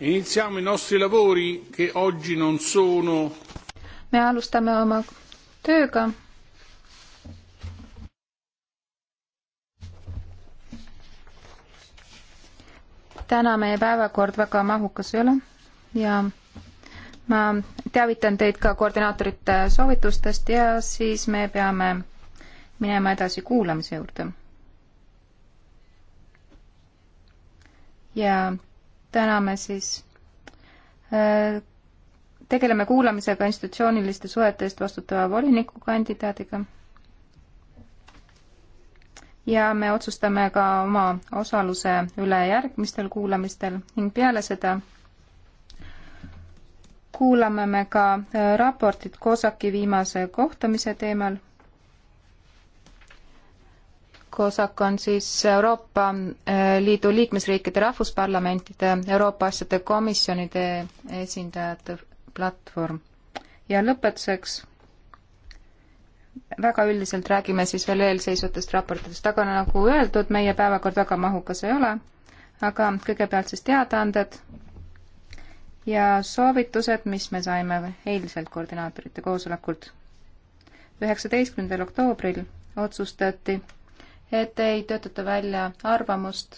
Iniziamo i nostri lavori che oggi non sono. me alustame oma tööga. täna meie päevakord väga mahukas ei ole ja ma teavitan teid ka koordinaatorite soovitustest ja siis me peame minema edasi kuulamise juurde. ja täna me siis äh, tegeleme kuulamisega institutsiooniliste suhete eest vastutava volinikukandidaadiga. ja me otsustame ka oma osaluse üle järgmistel kuulamistel ning peale seda kuulame me ka äh, raportit COSAC-i viimase kohtumise teemal kosak on siis Euroopa eh, Liidu liikmesriikide rahvusparlamentide Euroopa asjade komisjonide esindajate platvorm. ja lõpetuseks väga üldiselt räägime siis veel eelseisvatest raportitest, aga nagu öeldud, meie päevakord väga mahukas ei ole, aga kõigepealt siis teadaanded ja soovitused, mis me saime eilselt koordinaatorite koosolekult. üheksateistkümnendal oktoobril otsustati et ei töötata välja arvamust,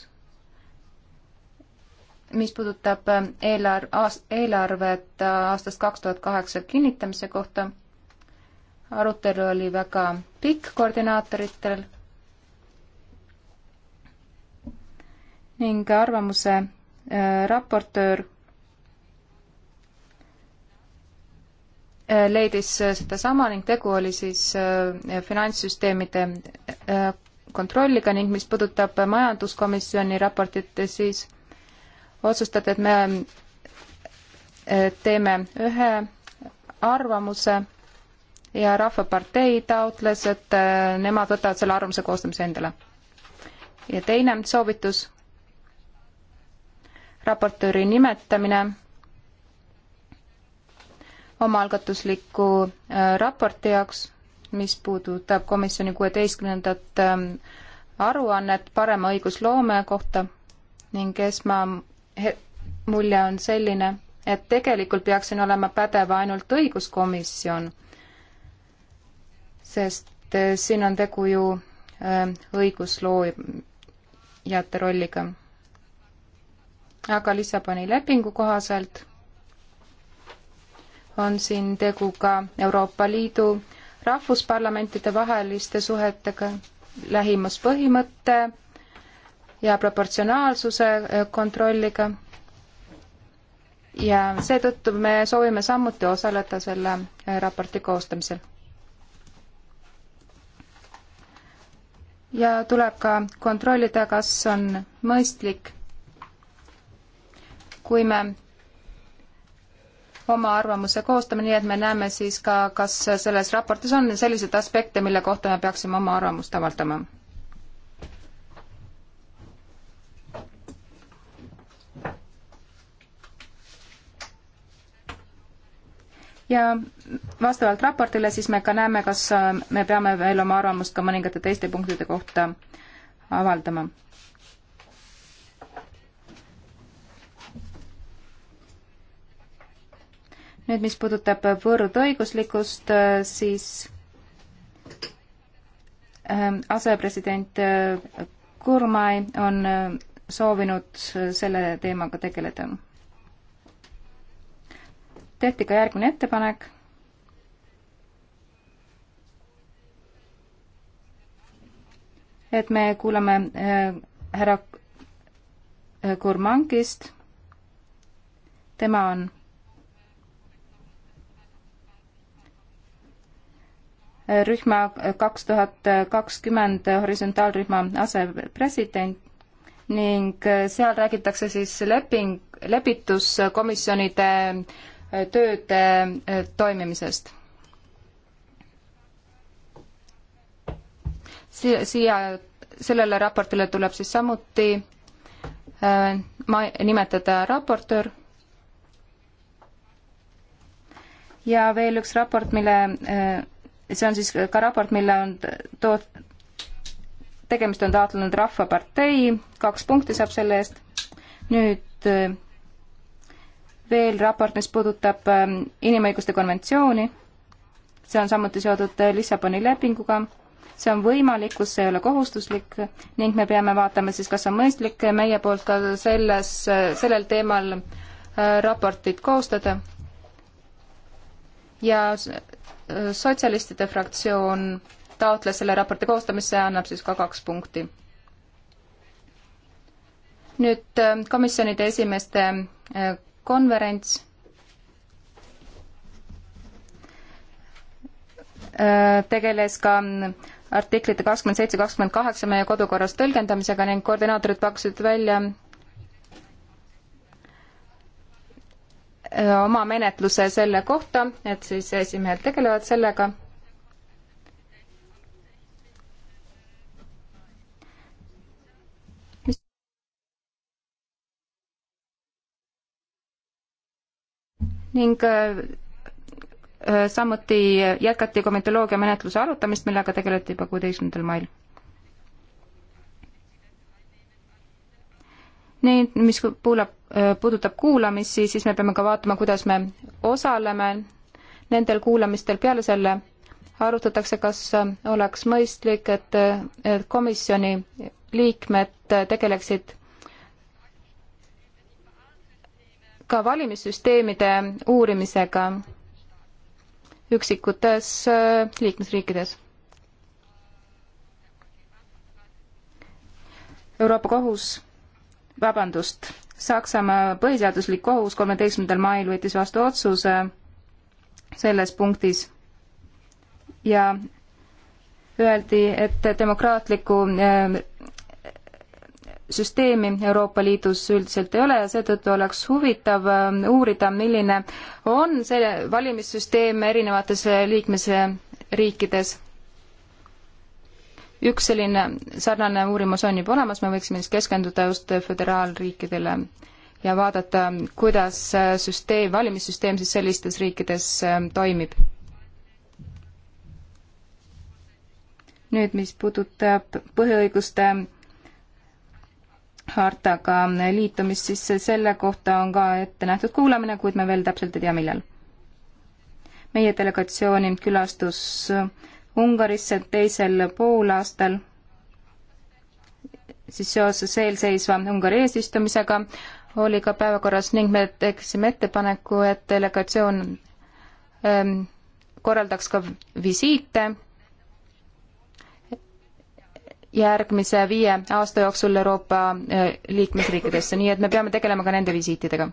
mis puudutab äh, eelarv, eelarvet äh, aastast kaks tuhat kaheksa kinnitamise kohta. arutelu oli väga pikk koordinaatoritel ning arvamuse äh, raportöör äh, leidis sedasama ning tegu oli siis finantssüsteemide kontrolliga ning mis puudutab majanduskomisjoni raportit, siis otsustati, et me e, teeme ühe arvamuse ja Rahvapartei taotles, et e, nemad võtavad selle arvamuse koostamise endale. ja teine soovitus, raportööri nimetamine omaalgatusliku e, raporti jaoks mis puudutab komisjoni kuueteistkümnendat ähm, aruannet parema õigusloome kohta ning esmamulje on selline, et tegelikult peaks siin olema pädev ainult õiguskomisjon, sest äh, siin on tegu ju ähm, õigusloojate rolliga. aga Lissaboni lepingu kohaselt on siin tegu ka Euroopa Liidu rahvusparlamentide vaheliste suhetega, lähimuspõhimõtte ja proportsionaalsuse äh, kontrolliga. ja seetõttu me soovime samuti osaleda selle äh, raporti koostamisel. ja tuleb ka kontrollida, kas on mõistlik, kui me oma arvamuse koostama, nii et me näeme siis ka, kas selles raportis on selliseid aspekte, mille kohta me peaksime oma arvamust avaldama. ja vastavalt raportile siis me ka näeme, kas me peame veel oma arvamust ka mõningate teiste punktide kohta avaldama nüüd, mis puudutab võõrõiguslikkust, siis ähm, asepresident äh, Kurmai on äh, soovinud äh, selle teemaga tegeleda. tehti ka järgmine ettepanek. et me kuulame härra Kurmangist. tema on rühma kaks tuhat kakskümmend horisontaalrühma asepresident ning seal räägitakse siis leping, lepituskomisjonide tööde toimimisest. siia, sellele raportile tuleb siis samuti äh, ma-, nimetada raportöör ja veel üks raport, mille äh, see on siis ka raport, mille on toot-, tegemist on taotlenud Rahvapartei, kaks punkti saab selle eest. nüüd äh, veel raport, mis puudutab ähm, inimõiguste konventsiooni, see on samuti seotud äh, Lissaboni lepinguga, see on võimalik, kus see ei ole kohustuslik ning me peame vaatama siis, kas on mõistlik meie poolt ka selles, äh, sellel teemal raportit koostada ja sotsialistide fraktsioon taotles selle raporti koostamisse ja annab siis ka kaks punkti. nüüd äh, komisjonide esimeeste äh, konverents äh, tegeles ka artiklite kakskümmend seitse, kakskümmend kaheksa meie kodukorras tõlgendamisega ning koordinaatorid pakkusid välja Äh, oma menetluse selle kohta, et siis esimehed tegelevad sellega. ning äh, äh, samuti jätkati komitoloogia menetluse arutamist, millega tegeleti juba kuueteistkümnendal mail nii, mis kuulab, äh, puudutab kuulamisi, siis me peame ka vaatama, kuidas me osaleme nendel kuulamistel peale selle arutatakse, kas äh, oleks mõistlik, et, äh, et komisjoni liikmed tegeleksid ka valimissüsteemide uurimisega üksikutes liikmesriikides. Euroopa Kohus vabandust, Saksamaa põhiseaduslik kohus kolmeteistkümnendal mail võttis vastu otsuse selles punktis ja öeldi, et demokraatlikku äh, süsteemi Euroopa Liidus üldiselt ei ole ja seetõttu oleks huvitav äh, uurida, milline on see valimissüsteem erinevates äh, liikmesriikides üks selline sarnane uurimus on juba olemas, me võiksime siis keskenduda just föderaalriikidele ja vaadata, kuidas süsteem, valimissüsteem siis sellistes riikides ähm, toimib. nüüd, mis puudutab põhiõiguste hartaga liitumist, siis selle kohta on ka ette nähtud kuulamine, kuid me veel täpselt ei tea, millal. meie delegatsiooni külastus äh, Ungarisse teisel poolaastal, siis seoses eelseisva Ungari eesistumisega oli ka päevakorras ning me teeksime ettepaneku, et delegatsioon ähm, korraldaks ka visiite järgmise viie aasta jooksul Euroopa äh, liikmesriikidesse, nii et me peame tegelema ka nende visiitidega.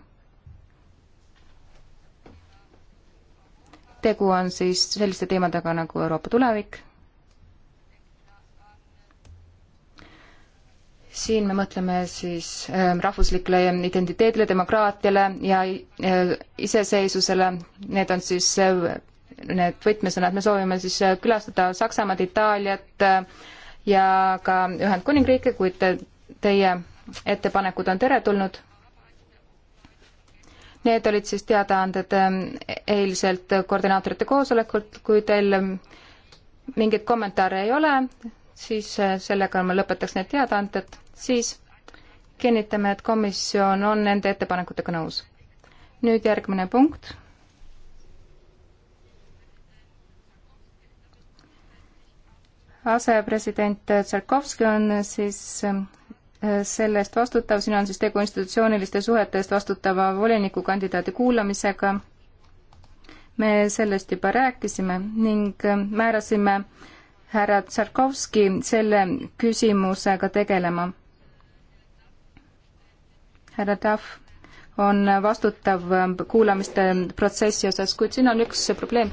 tegu on siis selliste teemadega nagu Euroopa tulevik. siin me mõtleme siis ähm, rahvuslikule identiteedile, demokraatiale ja äh, iseseisvusele, need on siis äh, need võtmesõnad, me soovime siis äh, külastada Saksamaad, Itaaliat ja ka Ühendkuningriiki, kuid teie ettepanekud on teretulnud Need olid siis teadaanded ähm, eilselt koordinaatorite koosolekult, kui teil ähm, mingeid kommentaare ei ole, siis äh, sellega ma lõpetaks need teadaanded, siis kinnitame, et komisjon on nende ettepanekutega nõus. nüüd järgmine punkt. asepresident Tšerkovski on siis ähm, selle eest vastutav, siin on siis tegu institutsiooniliste suhete eest vastutava volinikukandidaadi kuulamisega. me sellest juba rääkisime ning määrasime härra Tsarkovski selle küsimusega tegelema. härra Tahv on vastutav kuulamiste protsessi osas, kuid siin on üks probleem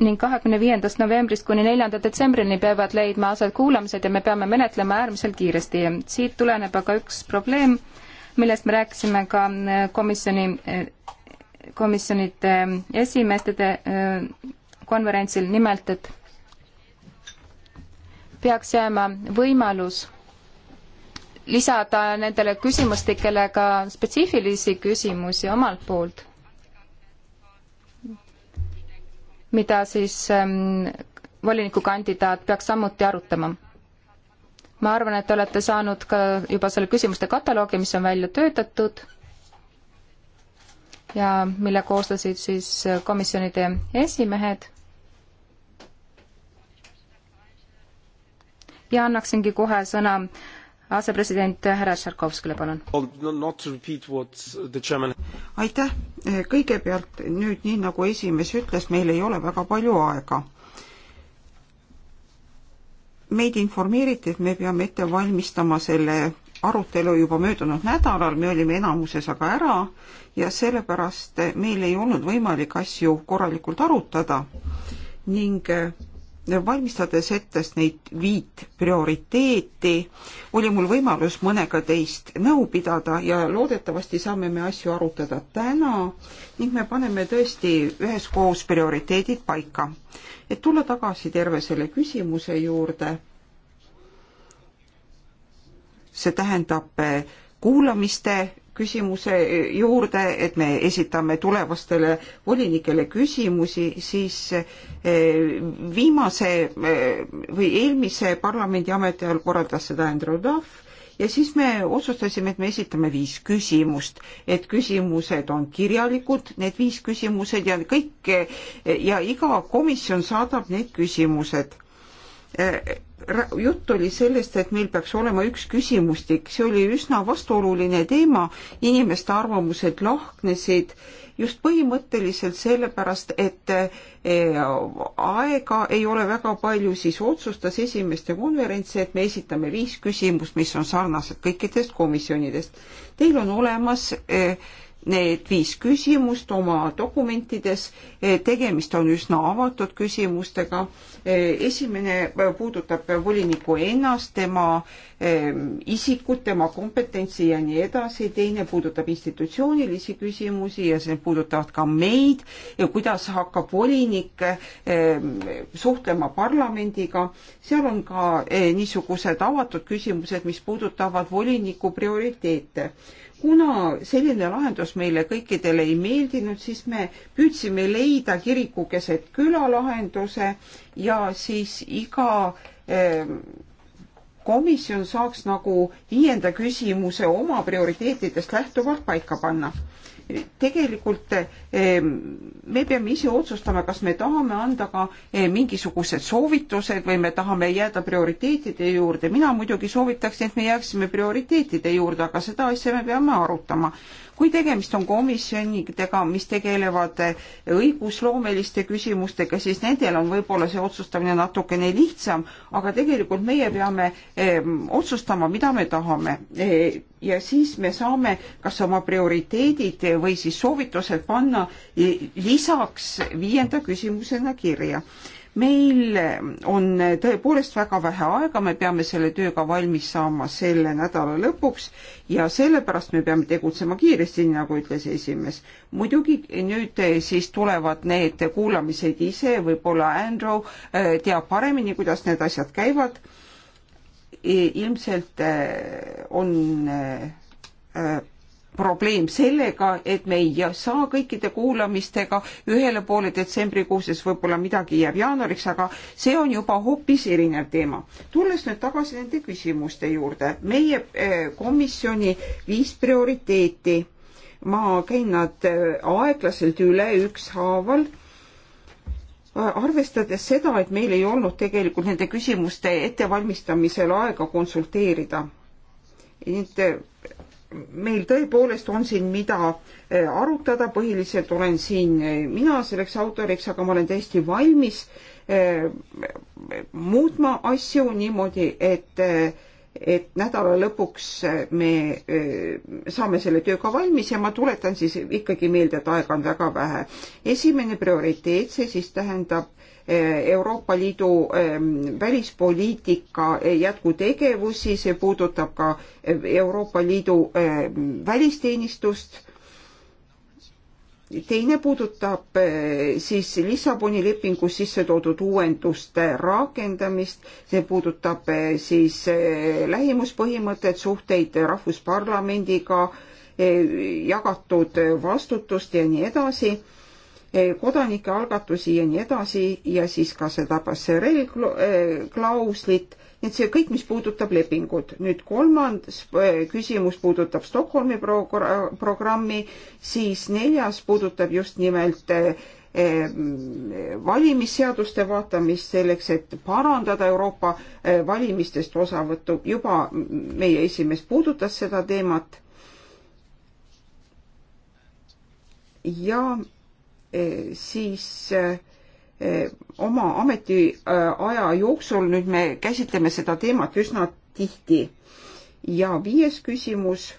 ning kahekümne viiendast novembrist kuni neljanda detsembrini peavad leidma aset kuulamised ja me peame menetlema äärmiselt kiiresti. siit tuleneb aga üks probleem, millest me rääkisime ka äh, komisjoni, äh, komisjonide äh, esimeestede konverentsil, nimelt et peaks jääma võimalus lisada nendele küsimustikele ka spetsiifilisi küsimusi omalt poolt mida siis ähm, volinikukandidaat peaks samuti arutama. ma arvan, et te olete saanud ka juba selle küsimuste kataloogi, mis on välja töötatud ja mille koostasid siis komisjonide esimehed. ja annaksingi kohe sõna asepresident härra Tšarkovskile, palun. aitäh, kõigepealt nüüd nii, nagu esimees ütles, meil ei ole väga palju aega. meid informeeriti, et me peame ette valmistama selle arutelu juba möödunud nädalal, me olime enamuses aga ära ja sellepärast meil ei olnud võimalik asju korralikult arutada ning valmistades ette neid viit prioriteeti, oli mul võimalus mõnega teist nõu pidada ja loodetavasti saame me asju arutada täna ning me paneme tõesti üheskoos prioriteedid paika. et tulla tagasi terve selle küsimuse juurde, see tähendab kuulamiste küsimuse juurde, et me esitame tulevastele volinikele küsimusi, siis eh, viimase eh, või eelmise parlamendi ametiajal korraldas seda Andrew Duff ja siis me otsustasime, et me esitame viis küsimust, et küsimused on kirjalikud, need viis küsimused ja kõik eh, ja iga komisjon saadab need küsimused jutt oli sellest, et meil peaks olema üks küsimustik, see oli üsna vastuoluline teema, inimeste arvamused lahknesid just põhimõtteliselt sellepärast, et e, aega ei ole väga palju, siis otsustas esimeste konverents, et me esitame viis küsimust, mis on sarnased kõikidest komisjonidest. Teil on olemas e, need viis küsimust oma dokumentides. Eh, tegemist on üsna avatud küsimustega. Eh, esimene eh, puudutab voliniku ennast, tema isikut, tema kompetentsi ja nii edasi. teine puudutab institutsioonilisi küsimusi ja see puudutavad ka meid ja kuidas hakkab volinik suhtlema parlamendiga. seal on ka niisugused avatud küsimused, mis puudutavad voliniku prioriteete kuna selline lahendus meile kõikidele ei meeldinud, siis me püüdsime leida kiriku keset küla lahenduse ja siis iga ehm, komisjon saaks nagu viienda küsimuse oma prioriteetidest lähtuvalt paika panna tegelikult eh, me peame ise otsustama, kas me tahame anda ka eh, mingisugused soovitused või me tahame jääda prioriteetide juurde. mina muidugi soovitaksin, et me jääksime prioriteetide juurde, aga seda asja me peame arutama kui tegemist on komisjonidega, mis tegelevad õigusloomeliste küsimustega, siis nendel on võib-olla see otsustamine natukene lihtsam, aga tegelikult meie peame eh, otsustama, mida me tahame eh, ja siis me saame kas oma prioriteedid või siis soovitused panna e, lisaks viienda küsimusena kirja meil on tõepoolest väga vähe aega, me peame selle tööga valmis saama selle nädala lõpuks ja sellepärast me peame tegutsema kiiresti, nii nagu ütles esimees. muidugi nüüd siis tulevad need kuulamised ise, võib-olla Andrew äh, teab paremini, kuidas need asjad käivad. ilmselt äh, on äh, probleem sellega, et me ei saa kõikide kuulamistega ühele poole detsembrikuus, sest võib-olla midagi jääb jaanuariks, aga see on juba hoopis erinev teema. tulles nüüd tagasi nende küsimuste juurde, meie eh, komisjoni viis prioriteeti, ma käin nad eh, aeglaselt üle ükshaaval eh, arvestades seda, et meil ei olnud tegelikult nende küsimuste ettevalmistamisel aega konsulteerida. Need meil tõepoolest on siin, mida eh, arutada, põhiliselt olen siin eh, mina selleks autoriks, aga ma olen täiesti valmis eh, muutma asju niimoodi, et et nädala lõpuks me eh, saame selle tööga valmis ja ma tuletan siis ikkagi meelde, et aega on väga vähe. esimene prioriteet, see siis tähendab eh, Euroopa Liidu eh, välispoliitika jätkutegevusi, see puudutab ka Euroopa Liidu välisteenistust teine puudutab eh, siis Lissaboni lepingus sisse toodud uuenduste rakendamist, see puudutab eh, siis eh, lähimuspõhimõtet, suhteid Rahvusparlamendiga, jagatud vastutust ja nii edasi, kodanike algatusi ja nii edasi ja siis ka seda passerell klauslit nii et see kõik, mis puudutab lepingut. nüüd kolmandas eh, küsimus puudutab Stockholmi programmi, siis neljas puudutab just nimelt eh, eh, valimisseaduste vaatamist selleks, et parandada Euroopa valimistest osavõttu. juba meie esimees puudutas seda teemat. ja siis äh, oma ametiaja jooksul, nüüd me käsitleme seda teemat üsna tihti. ja viies küsimus.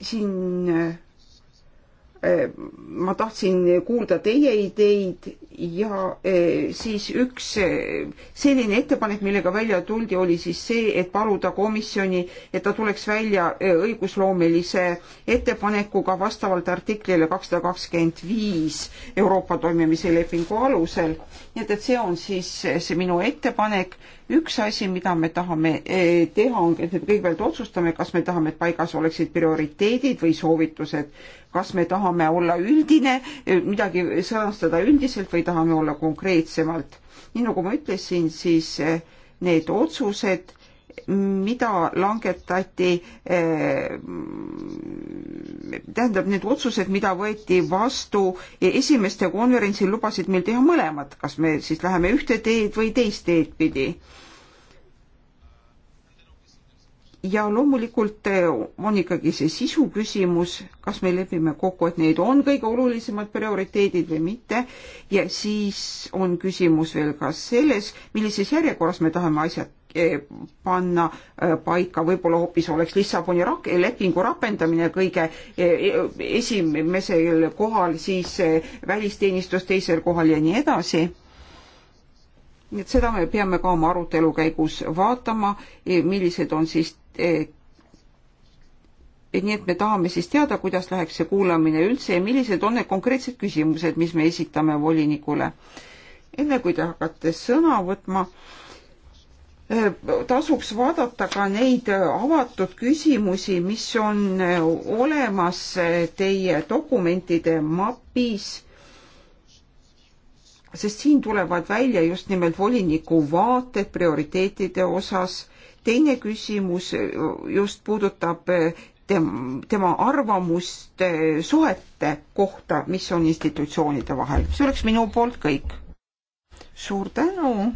siin ma tahtsin kuulda teie ideid ja eh, siis üks eh, selline ettepanek, millega välja tuldi, oli siis see, et paluda komisjoni, et ta tuleks välja eh, õigusloomelise ettepanekuga vastavalt artiklile kakssada kakskümmend viis Euroopa toimimise lepingu alusel. nii et, et see on siis see minu ettepanek. üks asi, mida me tahame teha, on, et me kõigepealt otsustame, kas me tahame, et paigas oleksid prioriteedid või soovitused, kas me tahame olla üldine, midagi sõnastada üldiselt või kui tahame olla konkreetsemalt. nii nagu ma ütlesin, siis eh, need otsused, mida langetati, eh, tähendab, need otsused, mida võeti vastu esimeste konverentsil, lubasid meil teha mõlemat, kas me siis läheme ühte teed või teist teed pidi ja loomulikult eh, on ikkagi see sisu küsimus, kas me lepime kokku, et need on kõige olulisemad prioriteedid või mitte. ja siis on küsimus veel ka selles, millises järjekorras me tahame asjad eh, panna eh, paika, võib-olla hoopis oleks Lissaboni rak-, lepingu rakendamine kõige esimesel kohal, siis välisteenistus teisel kohal ja nii edasi nii et seda me peame ka oma arutelu käigus vaatama, millised on siis nii et me tahame siis teada, kuidas läheks see kuulamine üldse ja millised on need konkreetsed küsimused, mis me esitame volinikule. enne kui te hakkate sõna võtma, eh, tasuks vaadata ka neid avatud küsimusi, mis on eh, olemas eh, teie dokumentide mapis, sest siin tulevad välja just nimelt voliniku vaated prioriteetide osas teine küsimus just puudutab eh, tema arvamust suhete kohta, mis on institutsioonide vahel. see oleks minu poolt kõik. suur tänu.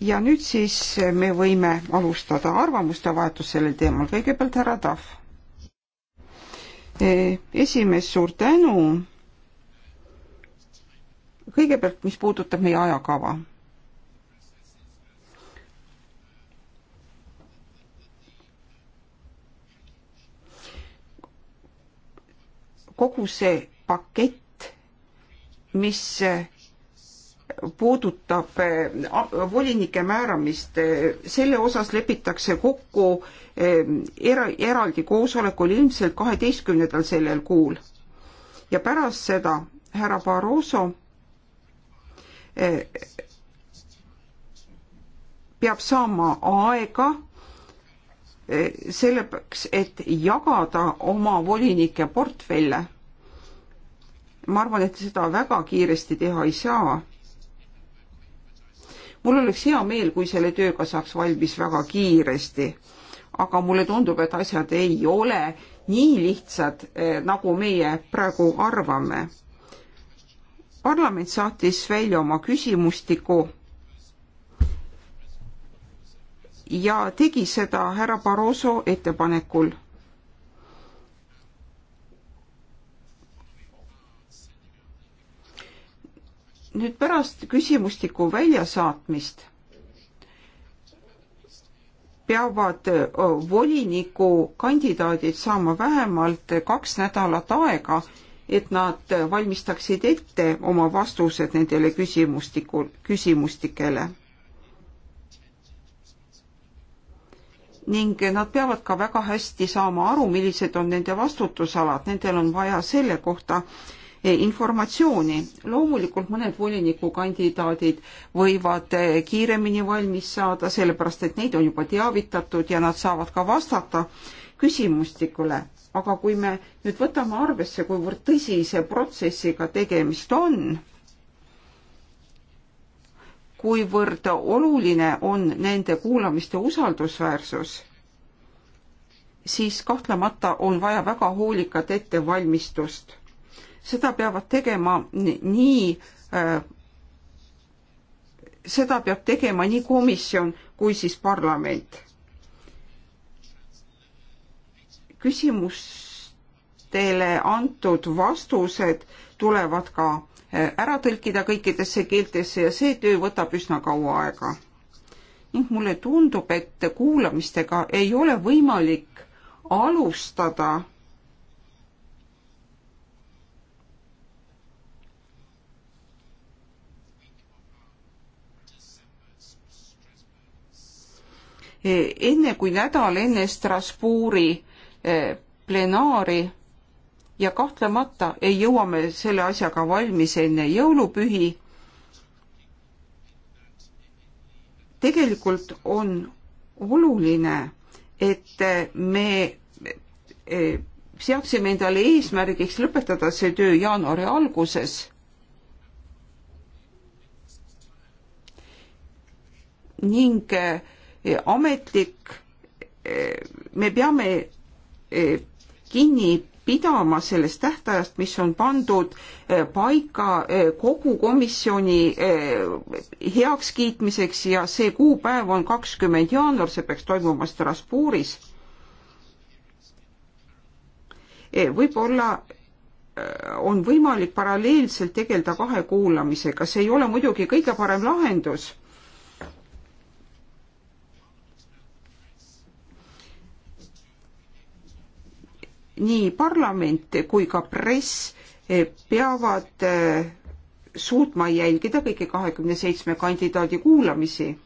ja nüüd siis eh, me võime alustada arvamuste vahetust sellel teemal. kõigepealt härra Tahv. Eh, esimees, suur tänu. kõigepealt, mis puudutab meie ajakava kogu see pakett, mis eh, puudutab eh, volinike määramist, eh, selle osas lepitakse kokku era-, eraldi koosolekul ilmselt kaheteistkümnendal sellel kuul. ja pärast seda härra Barroso peab saama aega selleks, et jagada oma volinike portfelle. ma arvan, et seda väga kiiresti teha ei saa. mul oleks hea meel, kui selle tööga saaks valmis väga kiiresti, aga mulle tundub, et asjad ei ole nii lihtsad, eh, nagu meie praegu arvame. parlament saatis välja oma küsimustiku ja tegi seda härra Barroso ettepanekul. nüüd pärast küsimustiku väljasaatmist peavad volinikukandidaadid saama vähemalt kaks nädalat aega, et nad valmistaksid ette oma vastused nendele küsimustiku, küsimustikele ning nad peavad ka väga hästi saama aru, millised on nende vastutusalad, nendel on vaja selle kohta eh, informatsiooni. loomulikult mõned volinikukandidaadid võivad eh, kiiremini valmis saada, sellepärast et neid on juba teavitatud ja nad saavad ka vastata küsimustikule. aga kui me nüüd võtame arvesse, kuivõrd tõsise protsessiga tegemist on, kuivõrd oluline on nende kuulamiste usaldusväärsus, siis kahtlemata on vaja väga hoolikat ettevalmistust. seda peavad tegema nii äh, seda peab tegema nii komisjon kui siis parlament. küsimustele antud vastused tulevad ka ära tõlkida kõikidesse keeltesse ja see töö võtab üsna kaua aega. ning mulle tundub, et kuulamistega ei ole võimalik alustada enne kui nädal enne Strasbourgi eh, plenaari ja kahtlemata ei jõua me selle asjaga valmis enne jõulupühi. tegelikult on oluline, et me e, seadsime endale eesmärgiks lõpetada see töö jaanuari alguses. ning e, ametlik, e, me peame kinni pidama sellest tähtajast, mis on pandud eh, paika eh, kogu komisjoni eh, heakskiitmiseks ja see kuupäev on kakskümmend jaanuar, see peaks toimuma Strasbourgis. võib-olla on võimalik paralleelselt tegeleda kahe kuulamisega, see ei ole muidugi kõige parem lahendus nii parlament kui ka press peavad eh, suutma jälgida kõiki kahekümne seitsme kandidaadi kuulamisi.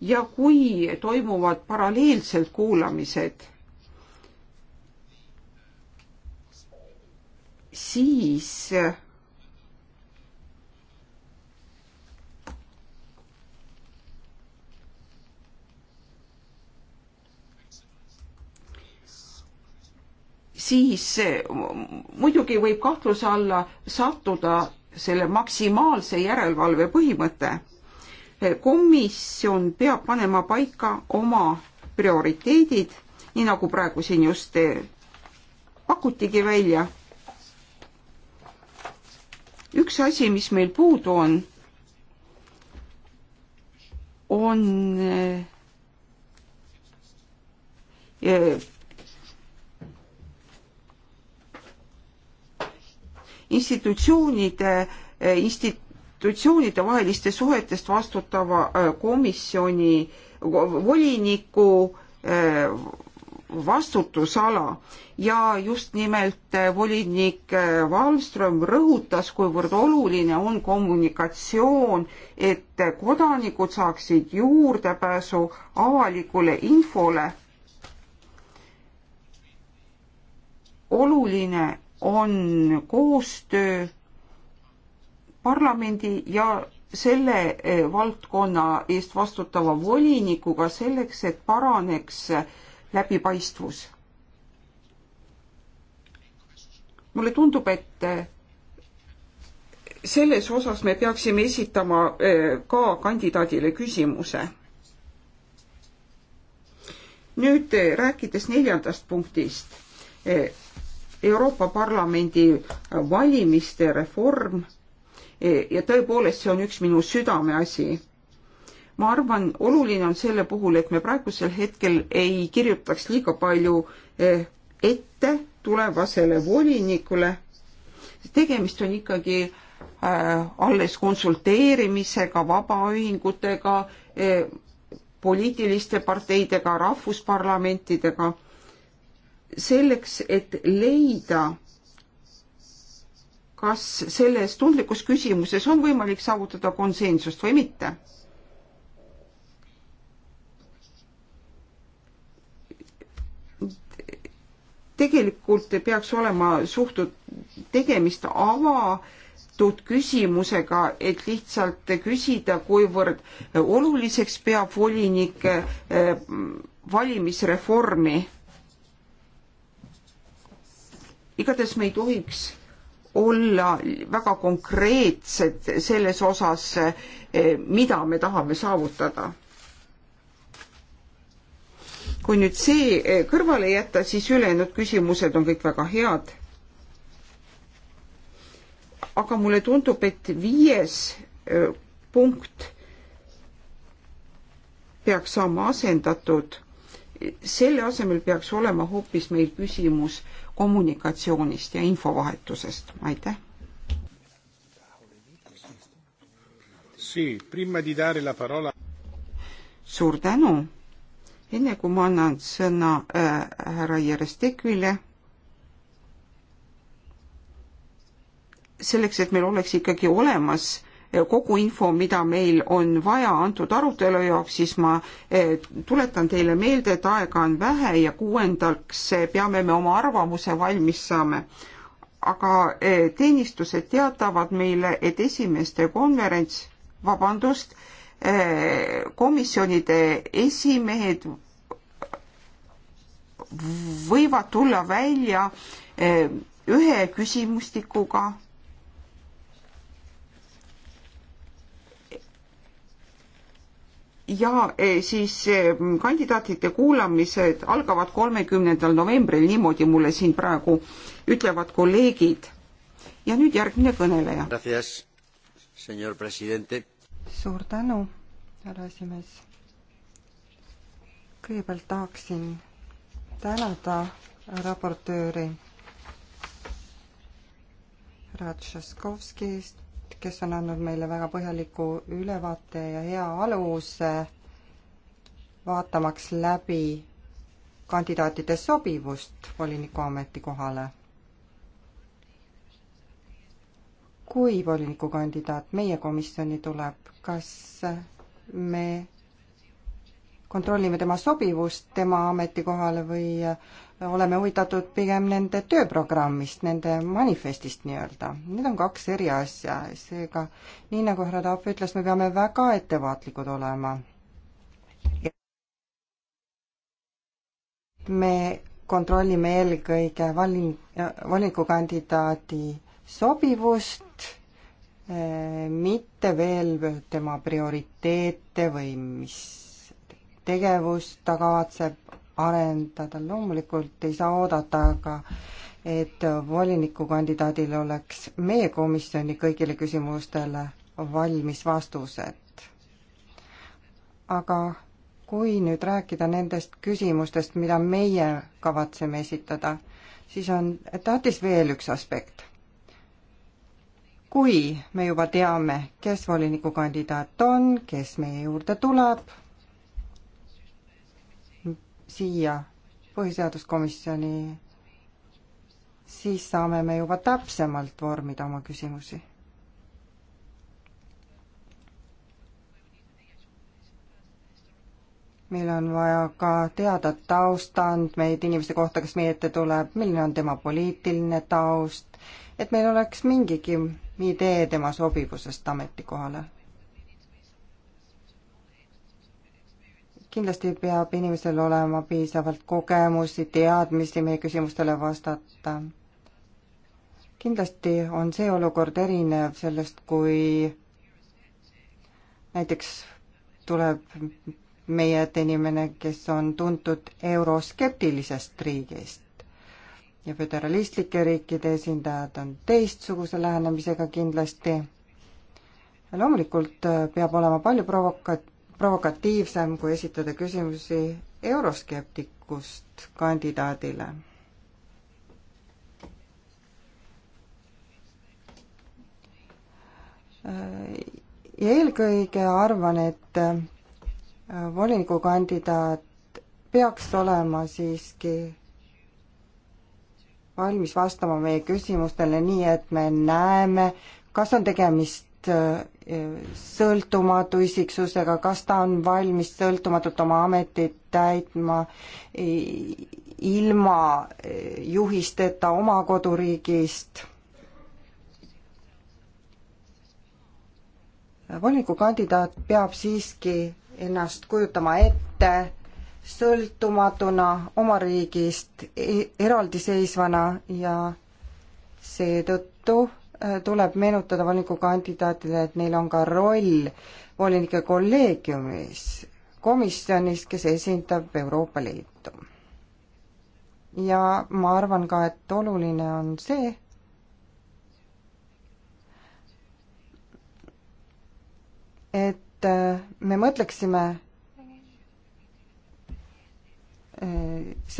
ja kui toimuvad paralleelselt kuulamised, siis eh, siis muidugi võib kahtluse alla sattuda selle maksimaalse järelevalve põhimõte. komisjon peab panema paika oma prioriteedid, nii nagu praegu siin just pakutigi välja. üks asi, mis meil puudu on, on eh, institutsioonide, eh, institutsioonide vaheliste suhetest vastutava eh, komisjoni voliniku eh, vastutusala ja just nimelt volinik Wallström rõhutas, kuivõrd oluline on kommunikatsioon, et kodanikud saaksid juurdepääsu avalikule infole. oluline on koostöö parlamendi ja selle eh, valdkonna eest vastutava volinikuga selleks, et paraneks eh, läbipaistvus. mulle tundub, et eh, selles osas me peaksime esitama ka kandidaadile küsimuse. nüüd rääkides neljandast punktist Euroopa Parlamendi äh, valimiste reform e, ja tõepoolest, see on üks minu südameasi. ma arvan, oluline on selle puhul, et me praegusel hetkel ei kirjutaks liiga palju e, ette tulevasele volinikule. tegemist on ikkagi äh, alles konsulteerimisega, vabaühingutega, e, poliitiliste parteidega, rahvusparlamentidega selleks, et leida, kas selles tundlikus küsimuses on võimalik saavutada konsensust või mitte. tegelikult peaks olema suhtud, tegemist ava seotud küsimusega, et lihtsalt küsida, kuivõrd oluliseks peab volinik eh, valimisreformi igatahes me ei tohiks olla väga konkreetsed selles osas, eh, mida me tahame saavutada. kui nüüd see eh, kõrvale jätta, siis ülejäänud küsimused on kõik väga head. aga mulle tundub, et viies eh, punkt peaks saama asendatud, selle asemel peaks olema hoopis meil küsimus kommunikatsioonist ja infovahetusest, aitäh! suur tänu! enne kui ma annan sõna äh, härra äh, Järjestekvile, selleks, et meil oleks ikkagi olemas kogu info, mida meil on vaja antud arutelu jaoks, siis ma eh, tuletan teile meelde, et aega on vähe ja kuuendaks eh, peame me oma arvamuse valmis saama. aga eh, teenistused teatavad meile, et esimeste konverents, vabandust, komisjonide esimehed võivad tulla välja ühe küsimustikuga ja eh, siis eh, kandidaatide kuulamised algavad kolmekümnendal novembril, niimoodi mulle siin praegu ütlevad kolleegid. ja nüüd järgmine kõneleja. suur tänu, härra esimees. kõigepealt tahaksin tänada raportööri härra Tšaskovski eest, kes on andnud meile väga põhjaliku ülevaate ja hea aluse vaatamaks läbi kandidaatide sobivust voliniku ametikohale. kui volinikukandidaat meie komisjoni tuleb, kas me kontrollime tema sobivust tema ametikohale või oleme huvitatud pigem nende tööprogrammist, nende manifestist nii-öelda. Need on kaks eri asja, seega nii nagu härra Tahv ütles, me peame väga ettevaatlikud olema. me kontrollime eelkõige valin-, valikukandidaadi sobivust, eh, mitte veel tema prioriteete või mis tegevust ta kavatseb arendada. loomulikult ei saa oodata ka, et volinikukandidaadil oleks meie komisjoni kõigile küsimustele valmis vastused. aga kui nüüd rääkida nendest küsimustest, mida meie kavatseme esitada, siis on tähtis veel üks aspekt. kui me juba teame, kes volinikukandidaat on, kes meie juurde tuleb siia põhiseaduskomisjoni, siis saame me juba täpsemalt vormida oma küsimusi. meil on vaja ka teada taustandmeid inimeste kohta, kes meie ette tuleb, milline on tema poliitiline taust, et meil oleks mingigi idee tema sobivusest ametikohale kindlasti peab inimesel olema piisavalt kogemusi, teadmisi meie küsimustele vastata. kindlasti on see olukord erinev sellest, kui näiteks tuleb meie ette inimene, kes on tuntud euroskeptilisest riigist ja föderalistlike riikide esindajad on teistsuguse lähenemisega kindlasti. loomulikult peab olema palju provokat-, provokatiivsem, kui esitada küsimusi euroskeptikust kandidaadile. ja eelkõige arvan, et äh, volinikukandidaat peaks olema siiski valmis vastama meie küsimustele nii, et me näeme, kas on tegemist äh, sõltumatu isiksusega, kas ta on valmis sõltumatult oma ametit täitma ilma e, juhisteta oma koduriigist. volinikukandidaat peab siiski ennast kujutama ette sõltumatuna oma riigist e-, eraldiseisvana ja seetõttu Äh, tuleb meenutada volinikukandidaatidele, et neil on ka roll volinike kolleegiumis, komisjonis, kes esindab Euroopa Liitu. ja ma arvan ka, et oluline on see, et äh, me mõtleksime äh,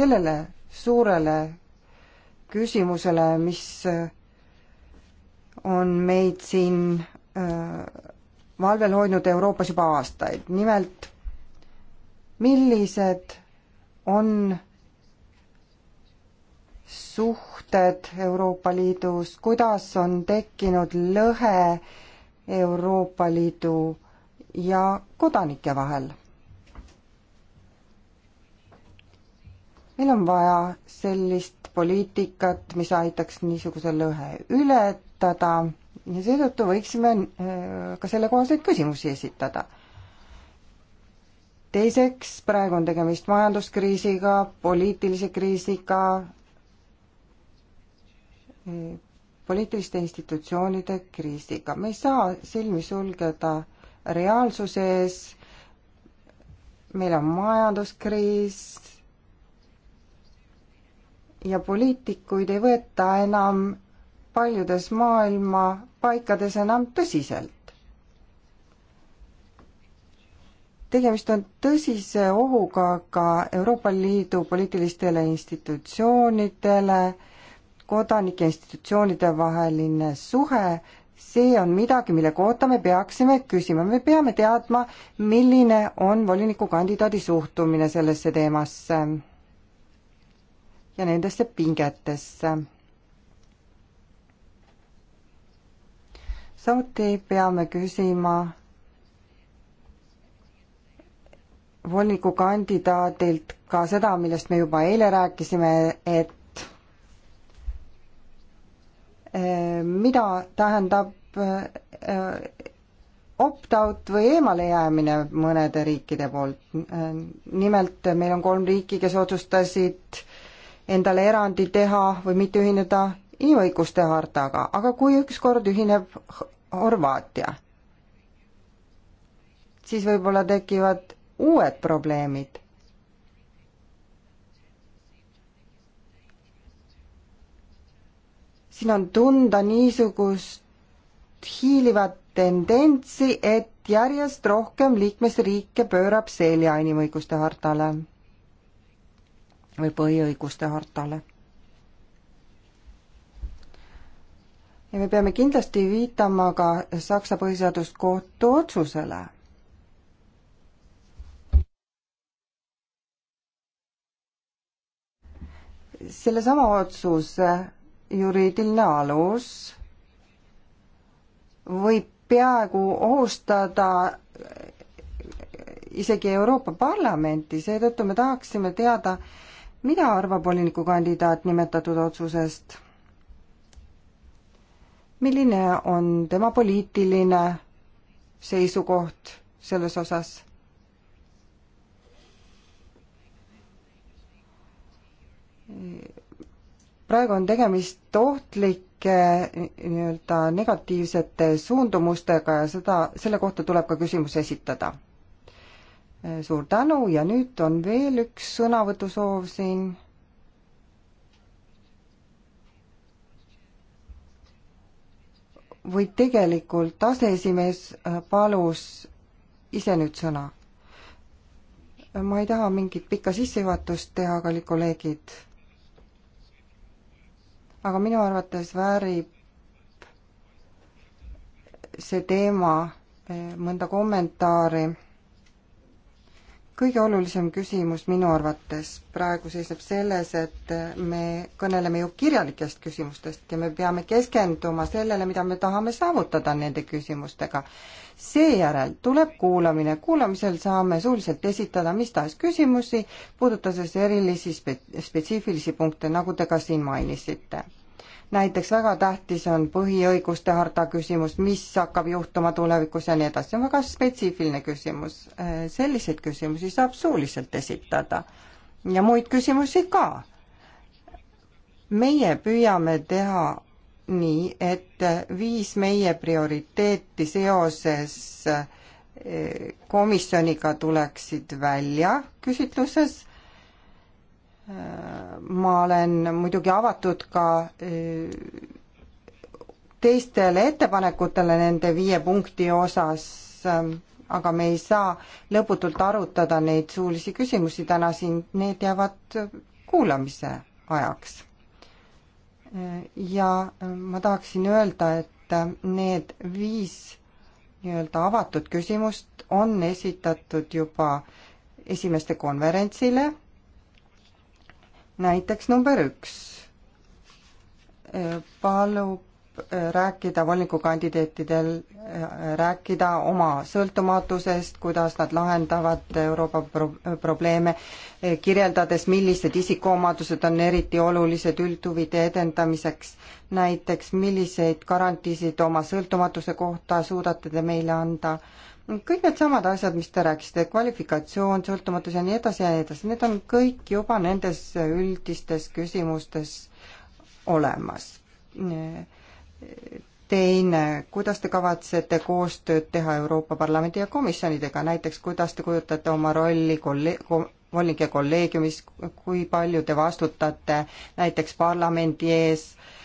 sellele suurele küsimusele, mis on meid siin äh, valvel hoidnud Euroopas juba aastaid, nimelt millised on suhted Euroopa Liidus, kuidas on tekkinud lõhe Euroopa Liidu ja kodanike vahel. meil on vaja sellist poliitikat, mis aitaks niisuguse lõhe üle arutada ja seetõttu võiksime äh, ka sellekohaseid küsimusi esitada. teiseks, praegu on tegemist majanduskriisiga, poliitilise kriisiga, äh, poliitiliste institutsioonide kriisiga. me ei saa silmi sulgeda reaalsuse ees, meil on majanduskriis ja poliitikuid ei võeta enam paljudes maailma paikades enam tõsiselt. tegemist on tõsise ohuga ka Euroopa Liidu poliitilistele institutsioonidele, kodanike institutsioonide vaheline suhe, see on midagi, mille kohta me peaksime küsima, me peame teadma, milline on volinikukandidaadi suhtumine sellesse teemasse ja nendesse pingetesse samuti peame küsima voliniku kandidaadilt ka seda, millest me juba eile rääkisime, et eh, mida tähendab eh, opt-out või eemalejäämine mõnede riikide poolt. Eh, nimelt meil on kolm riiki, kes otsustasid endale erandi teha või mitte ühineda inimõiguste hartaga, aga kui ükskord ühineb Horvaatia, siis võib-olla tekivad uued probleemid. siin on tunda niisugust hiilivat tendentsi, et järjest rohkem liikmesriike pöörab selja inimõiguste hartale või põhiõiguste hartale ja me peame kindlasti viitama ka Saksa põhiseaduskohtu otsusele. sellesama otsuse juriidiline alus võib peaaegu ohustada isegi Euroopa Parlamenti, seetõttu me tahaksime teada, mida arvab volinikukandidaat nimetatud otsusest milline on tema poliitiline seisukoht selles osas? praegu on tegemist ohtlike nii-öelda negatiivsete suundumustega ja seda, selle kohta tuleb ka küsimus esitada. suur tänu ja nüüd on veel üks sõnavõtusoov siin või tegelikult aseesimees äh, palus ise nüüd sõna. ma ei taha mingit pikka sissejuhatust teha, kallid kolleegid, aga minu arvates väärib see teema äh, mõnda kommentaari kõige olulisem küsimus minu arvates praegu seisneb selles, et me kõneleme ju kirjalikest küsimustest ja me peame keskenduma sellele, mida me tahame saavutada nende küsimustega. seejärel tuleb kuulamine, kuulamisel saame suuliselt esitada mis tahes küsimusi, puudutades erilisi spe-, spetsiifilisi punkte, nagu te ka siin mainisite näiteks väga tähtis on põhiõiguste harta küsimus, mis hakkab juhtuma tulevikus ja nii edasi, see on väga spetsiifiline küsimus. Äh, selliseid küsimusi saab suuliselt esitada ja muid küsimusi ka. meie püüame teha nii, et viis meie prioriteeti seoses äh, komisjoniga tuleksid välja küsitluses ma olen muidugi avatud ka e, teistele ettepanekutele nende viie punkti osas, e, aga me ei saa lõputult arutada neid suulisi küsimusi täna siin, need jäävad kuulamise ajaks. E, ja ma tahaksin öelda, et need viis nii-öelda avatud küsimust on esitatud juba esimeste konverentsile näiteks number üks äh, palub äh, rääkida volinikukandidaatidel, äh, rääkida oma sõltumatusest, kuidas nad lahendavad Euroopa pro-, probleeme, kirjeldades, millised isikuomadused on eriti olulised üldhuvide edendamiseks, näiteks milliseid garantiisid oma sõltumatuse kohta suudate te meile anda, kõik needsamad asjad, mis te rääkisite, kvalifikatsioon, sõltumatus ja nii edasi ja nii edasi, need on kõik juba nendes üldistes küsimustes olemas. teine, kuidas te kavatsete koostööd teha Euroopa Parlamendi ja komisjonidega, näiteks kuidas te kujutate oma rolli kolle-, volinike kolleegiumis, kui palju te vastutate näiteks parlamendi ees äh,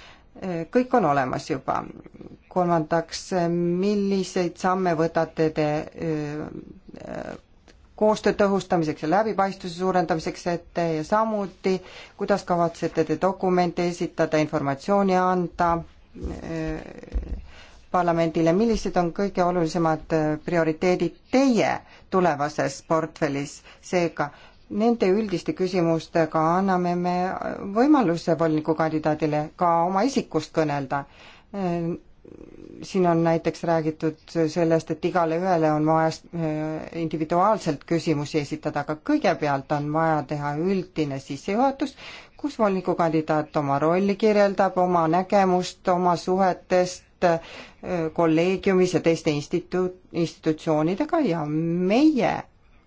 kõik on olemas juba. kolmandaks, milliseid samme võtate te äh, äh, koostöö tõhustamiseks ja läbipaistvuse suurendamiseks ette ja samuti, kuidas kavatsete te dokumente esitada, informatsiooni anda äh, parlamendile, millised on kõige olulisemad prioriteedid teie tulevases portfellis, seega nende üldiste küsimustega anname me võimaluse volinikukandidaadile ka oma isikust kõnelda. siin on näiteks räägitud sellest, et igale ühele on vaja äh, individuaalselt küsimusi esitada, aga kõigepealt on vaja teha üldine sissejuhatus, kus volinikukandidaat oma rolli kirjeldab, oma nägemust oma suhetest äh, kolleegiumis ja teiste instituut, institutsioonidega ja meie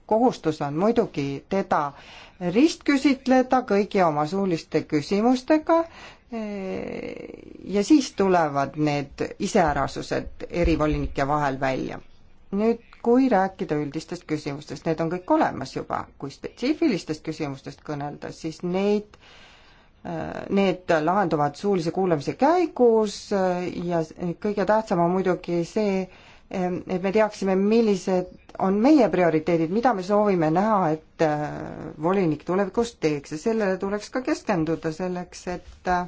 kohustus on muidugi teda ristküsitleda kõigi oma suuliste küsimustega eh, ja siis tulevad need iseärasused erivolinike vahel välja. nüüd, kui rääkida üldistest küsimustest, need on kõik olemas juba, kui spetsiifilistest küsimustest kõnelda, siis neid eh, Need lahenduvad suulise kuulamise käigus eh, ja kõige tähtsam on muidugi see, et me teaksime, millised on meie prioriteedid, mida me soovime näha, et äh, volinik tulevikus teeks ja sellele tuleks ka keskenduda, selleks et äh,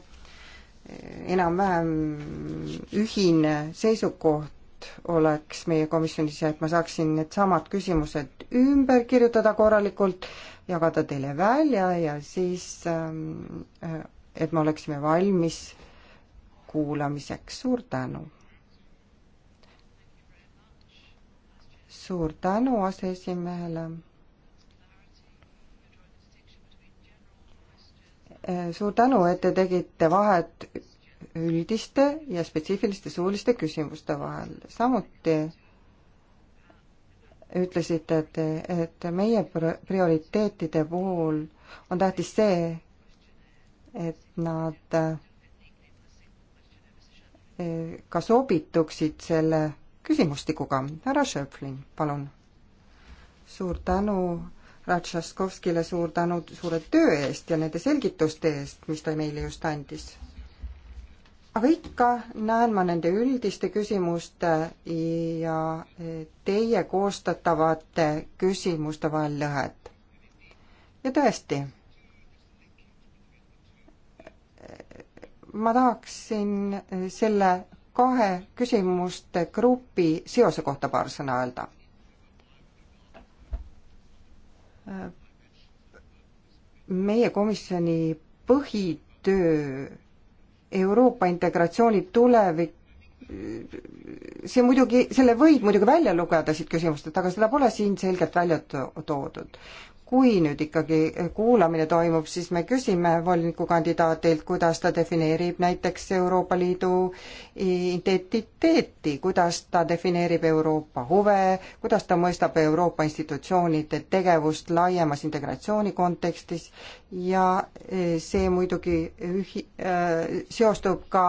enam-vähem ühine seisukoht oleks meie komisjonis ja et ma saaksin needsamad küsimused ümber kirjutada korralikult, jagada teile välja ja siis, ähm, äh, et me oleksime valmis kuulamiseks, suur tänu! suur tänu aseesimehele. Eh, suur tänu, et te tegite vahet üldiste ja spetsiifiliste suuliste küsimuste vahel. samuti ütlesite te, et meie prioriteetide puhul on tähtis see, et nad eh, ka sobituksid selle küsimustikuga. härra Schöpflin, palun. suur tänu Ratšaskovskile, suur tänu suure töö eest ja nende selgituste eest, mis ta meile just andis. aga ikka näen ma nende üldiste küsimuste ja teie koostatavate küsimuste vahel lõhet. ja tõesti ma tahaksin selle kahe küsimuste grupi seose kohta paar sõna öelda. meie komisjoni põhitöö Euroopa integratsiooni tulevik, see muidugi, selle võib muidugi välja lugeda siit küsimustest, aga seda pole siin selgelt välja toodud kui nüüd ikkagi kuulamine toimub, siis me küsime volinikukandidaatilt, kuidas ta defineerib näiteks Euroopa Liidu identiteeti, kuidas ta defineerib Euroopa huve, kuidas ta mõistab Euroopa institutsioonide tegevust laiemas integratsiooni kontekstis ja eh, see muidugi ühi-, eh, seostub ka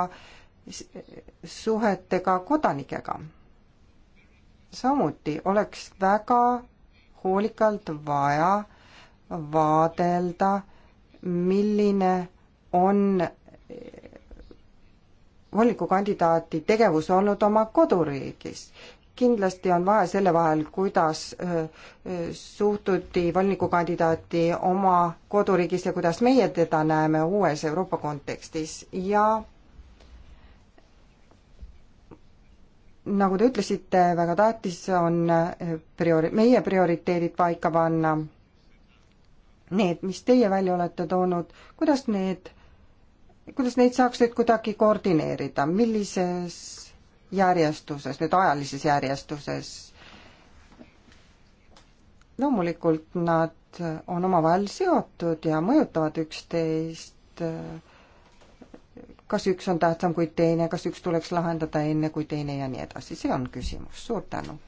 suhetega kodanikega samuti oleks väga hoolikalt vaja vaadelda, milline on volinikukandidaati tegevus olnud oma koduriigis. kindlasti on vahe selle vahel, kuidas äh, äh, suhtuti volinikukandidaati oma koduriigis ja kuidas meie teda näeme uues Euroopa kontekstis ja nagu te ütlesite, väga tähtis on eh, priori-, meie prioriteedid paika panna. Need, mis teie välja olete toonud, kuidas need, kuidas neid saaks nüüd kuidagi koordineerida, millises järjestuses, nüüd ajalises järjestuses? loomulikult nad on omavahel seotud ja mõjutavad üksteist äh, kas üks on tähtsam kui teine, kas üks tuleks lahendada enne kui teine ja nii edasi, see on küsimus, suur tänu.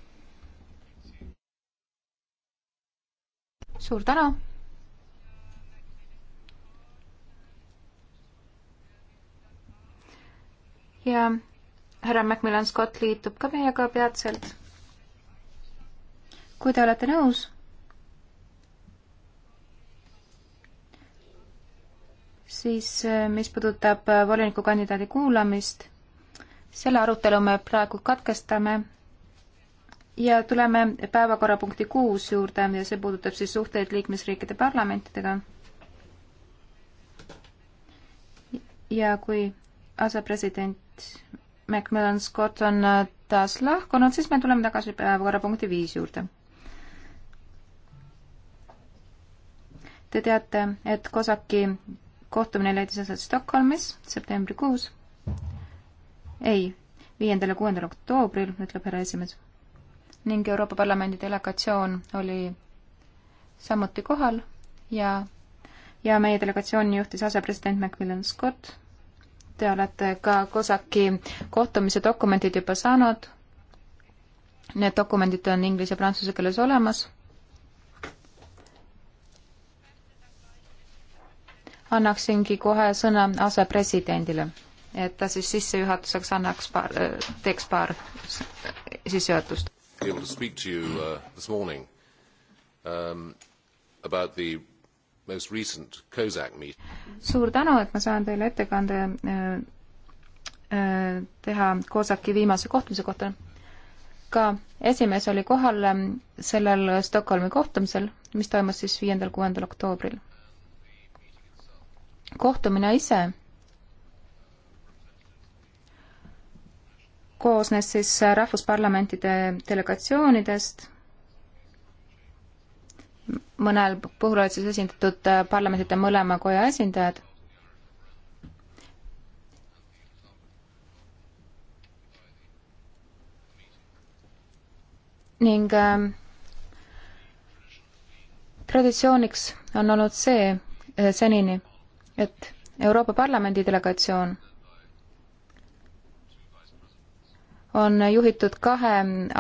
suur tänu. ja härra Macmillan Scott liitub ka meiega peatselt. kui te olete nõus siis eh, mis puudutab eh, volinikukandidaadi kuulamist, selle arutelu me praegu katkestame ja tuleme päevakorrapunkti kuus juurde ja see puudutab siis suhteid liikmesriikide parlamentidega. ja kui asepresident Macmillan Scott on eh, taas lahkunud, siis me tuleme tagasi päevakorrapunkti viis juurde Te teate, et COSAC-i kohtumine leidis aset Stockholmis septembrikuus. ei, viiendal ja kuuendal oktoobril, ütleb härra esimees. ning Euroopa Parlamendi delegatsioon oli samuti kohal ja, ja meie delegatsiooni juhtis asepresident Macmillan Scott. Te olete ka COSAC-i kohtumise dokumendid juba saanud. Need dokumendid on inglise ja prantsuse keeles olemas annaksingi kohe sõna asepresidendile, et ta siis sissejuhatuseks annaks paar, äh, teeks paar sissejuhatust. Able to speak to you uh, this morning um, about the most recent COSAC meet-. suur tänu, et ma saan teile ettekande äh, äh, teha COSAC-i viimase kohtumise kohta. ka esimees oli kohal ähm, sellel Stockholmi kohtumisel, mis toimus siis viiendal-kuuendal oktoobril kohtumine ise koosnes siis rahvusparlamentide delegatsioonidest, mõnel puhul olid siis esindatud parlamentide mõlema koja esindajad ning äh, traditsiooniks on olnud see äh, senini, et Euroopa Parlamendi delegatsioon on juhitud kahe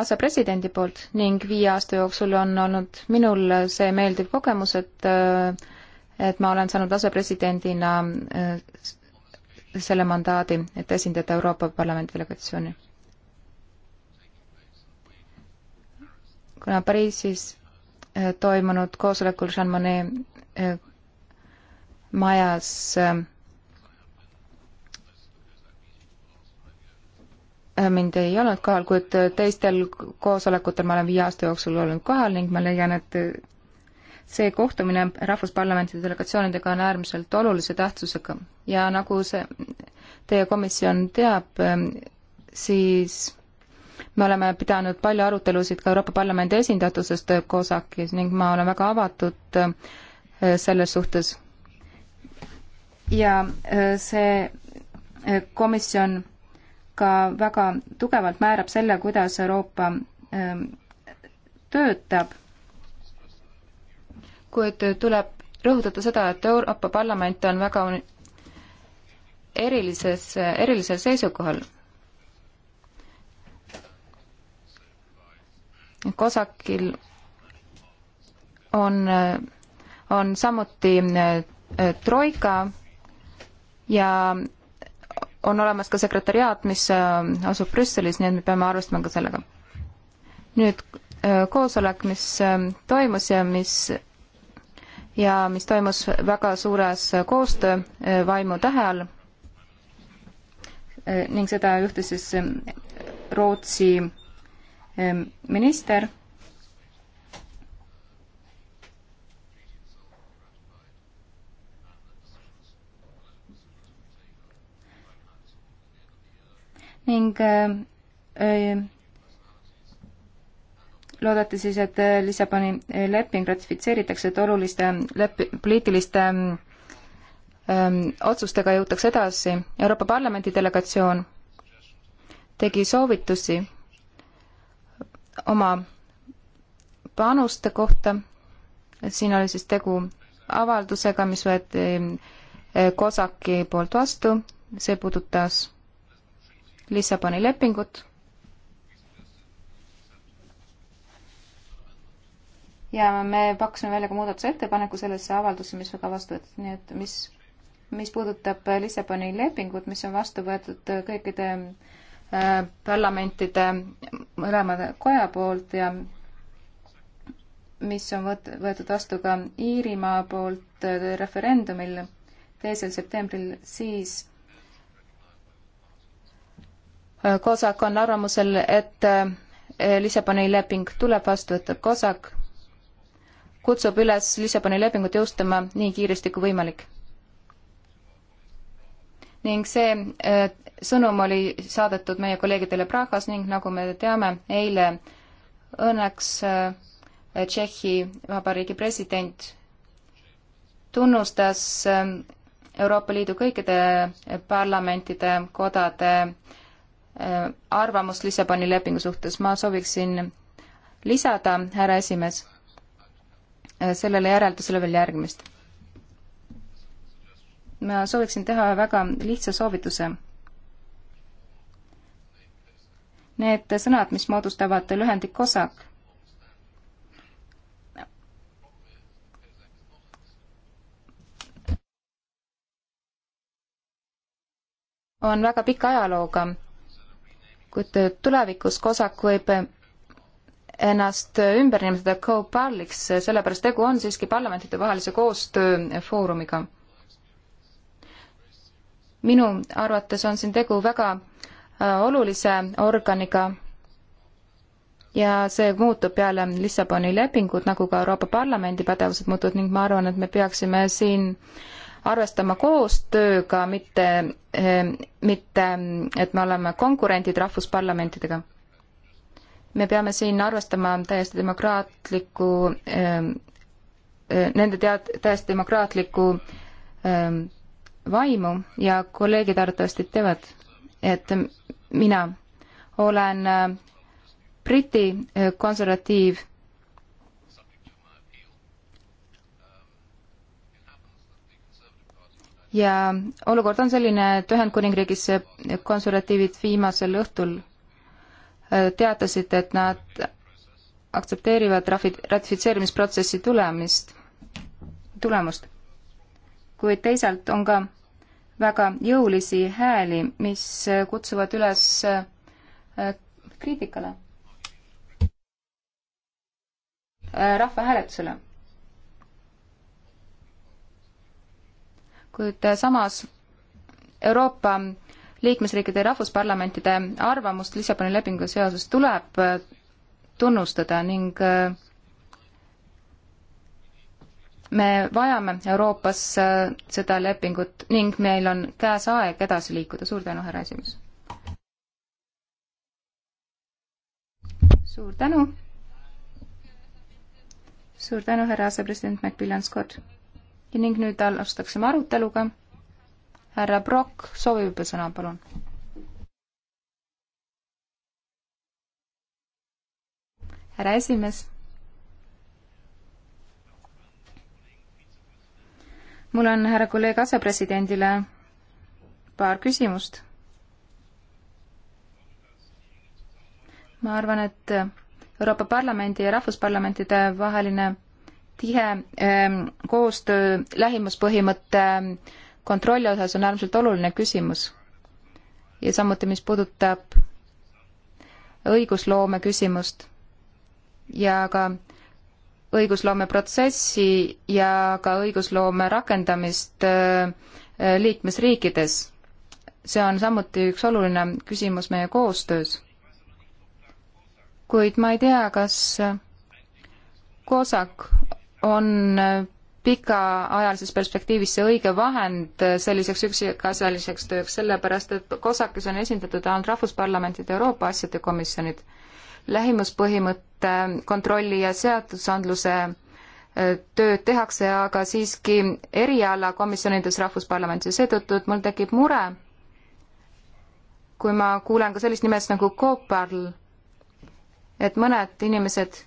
asepresidendi poolt ning viie aasta jooksul on olnud minul see meeldiv kogemus, et et ma olen saanud asepresidendina äh, selle mandaadi, et esindada Euroopa Parlamendi delegatsiooni. kuna Pariisis äh, toimunud koosolekul Jean Monnet äh, majas äh, mind ei olnud kohal, kuid teistel koosolekutel ma olen viie aasta jooksul olnud kohal ning ma leian, et see kohtumine Rahvusparlamentide delegatsioonidega on äärmiselt olulise tähtsusega ja nagu see teie komisjon teab, äh, siis me oleme pidanud palju arutelusid ka Euroopa Parlamendi esindatusest COSAC-is ning ma olen väga avatud äh, selles suhtes ja äh, see äh, komisjon ka väga tugevalt määrab selle, kuidas Euroopa ähm, töötab. kuid äh, tuleb rõhutada seda, et Euroopa Parlament on väga erilises, erilisel seisukohal. Kosakil on, on samuti troika ja on olemas ka sekretariaat, mis äh, asub Brüsselis, nii et me peame arvestama ka sellega. nüüd äh, koosolek, mis äh, toimus ja mis ja mis toimus väga suures koostöö vaimu tähe all ning seda juhtis siis Rootsi minister ning äh, äh, loodeti siis, et äh, Lissaboni leping ratifitseeritakse, et oluliste lepi-, poliitiliste öö, ähm, ähm, otsustega jõutakse edasi. Euroopa Parlamendi delegatsioon tegi soovitusi oma panuste kohta, siin oli siis tegu avaldusega, mis võeti Kosaki poolt vastu, see puudutas Lissaboni lepingut ja me pakkusime välja ka muudatusettepaneku sellesse avaldusse, mis ka vastu võeti, nii et mis, mis puudutab Lissaboni lepingut, mis on vastu võetud kõikide äh, parlamentide mõlema koja poolt ja mis on võt-, võetud vastu ka Iirimaa poolt referendumil teisel septembril, siis COSAC on arvamusel, et eh, Lissaboni leping tuleb vastu võtta. COSAC kutsub üles Lissaboni lepingut jõustama nii kiiresti kui võimalik. ning see eh, sõnum oli saadetud meie kolleegidele Prahas ning nagu me teame, eile õnneks eh, Tšehhi Vabariigi president tunnustas Euroopa Liidu kõikide parlamentide kodade äh, Äh, arvamust Lissaboni lepingu suhtes. ma sooviksin lisada, härra esimees, äh, sellele järeldusele veel järgmist. ma sooviksin teha väga lihtsa soovituse. Need sõnad, mis moodustavad lühendik COSAC, on väga pika ajalooga kuid tulevikus COSAC võib ennast ümber nimetada COPAL-iks, sellepärast tegu on siiski parlamentidevahelise koostööfoorumiga. minu arvates on siin tegu väga äh, olulise organiga ja see muutub peale Lissaboni lepingut, nagu ka Euroopa Parlamendi pädevused muutuvad ning ma arvan, et me peaksime siin äh, arvestama koostööga, mitte, eh, mitte et me oleme konkurendid rahvusparlamentidega. me peame siin arvestama täiesti demokraatliku, eh, eh, nende tead-, täiesti demokraatliku vaimu ja kolleegid arvatavasti teavad, et mina olen Briti konservatiiv ja olukord on selline, et Ühendkuningriigis konservatiivid viimasel õhtul äh, teatasid, et nad aktsepteerivad rafi-, ratifitseerimisprotsessi tulemist, tulemust. kuid teisalt on ka väga jõulisi hääli, mis äh, kutsuvad üles äh, kriitikale, rahvahääletusele kuid samas Euroopa liikmesriikide ja rahvusparlamentide arvamust Lissaboni lepingu seoses tuleb äh, tunnustada ning äh, me vajame Euroopas äh, seda lepingut ning meil on käes aeg edasi liikuda. suur tänu, härra esimees! suur tänu! suur tänu, härra asepresident Macmillan Scott! ning nüüd alustaksime aruteluga. härra Brock soovib juba sõna, palun. härra esimees. mul on härra kolleeg asepresidendile paar küsimust. ma arvan, et Euroopa Parlamendi ja Rahvusparlamentide vaheline tihe ähm, koostöö lähimuspõhimõtte kontrolli osas on äärmiselt oluline küsimus. ja samuti, mis puudutab õigusloome küsimust ja ka õigusloome protsessi ja ka õigusloome rakendamist äh, liikmesriikides. see on samuti üks oluline küsimus meie koostöös. kuid ma ei tea, kas COSAC on äh, pikaajalises perspektiivis see õige vahend äh, selliseks üksikasjaliseks tööks, sellepärast et COSAC-is on esindatud ainult rahvusparlamentide Euroopa asjade komisjonid. lähimuspõhimõtte kontrolli ja seadusandluse äh, tööd tehakse aga siiski erialakomisjonides rahvusparlamendis ja seetõttu, et mul tekib mure, kui ma kuulen ka sellist nimest nagu COPARL, et mõned inimesed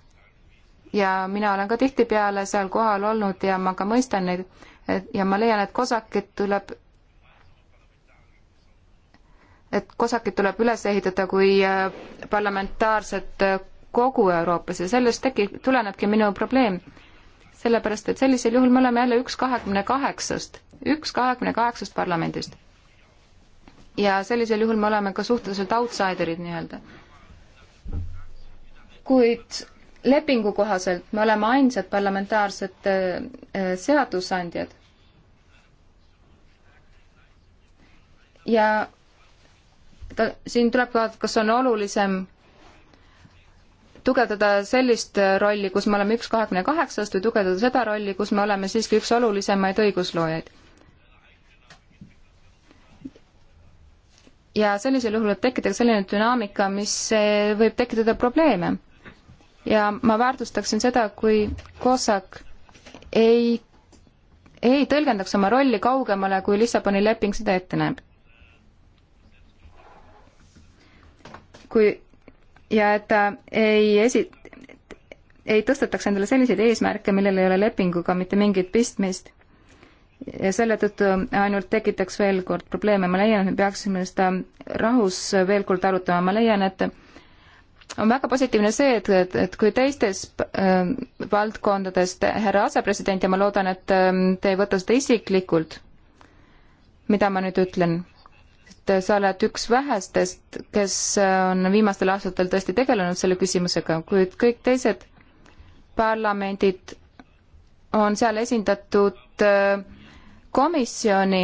ja mina olen ka tihtipeale seal kohal olnud ja ma ka mõistan neid ja ma leian, et kosakid tuleb, et kosakid tuleb üles ehitada kui äh, parlamentaarset äh, kogu Euroopas ja sellest tekib, tulenebki minu probleem. sellepärast, et sellisel juhul me oleme jälle üks kahekümne kaheksast, üks kahekümne kaheksast parlamendist. ja sellisel juhul me oleme ka suhteliselt outsiderid nii-öelda. kuid lepingu kohaselt me oleme ainsad parlamentaarsed äh, äh, seadusandjad. ja ta, siin tuleb ka, kas on olulisem tugevdada sellist rolli, kus me oleme üks kahekümne kaheksast või tugevdada seda rolli, kus me oleme siiski üks olulisemaid õigusloojaid. ja sellisel juhul võib tekkida selline dünaamika, mis äh, võib tekitada probleeme ja ma väärtustaksin seda, kui COSAC ei, ei tõlgendaks oma rolli kaugemale, kui Lissaboni leping seda ette näeb. kui ja et ta ei esi-, ei tõstetaks endale selliseid eesmärke, millel ei ole lepinguga mitte mingit pistmist. ja selle tõttu ainult tekitaks veel kord probleeme, ma leian, et me peaksime seda rahus veel kord arutama, ma leian, et on väga positiivne see, et, et, et kui teistes äh, valdkondades te, härra asepresident ja ma loodan, et äh, te ei võta seda isiklikult, mida ma nüüd ütlen, et sa oled üks vähestest, kes äh, on viimastel aastatel tõesti tegelenud selle küsimusega, kuid kõik teised parlamendid on seal esindatud äh, komisjoni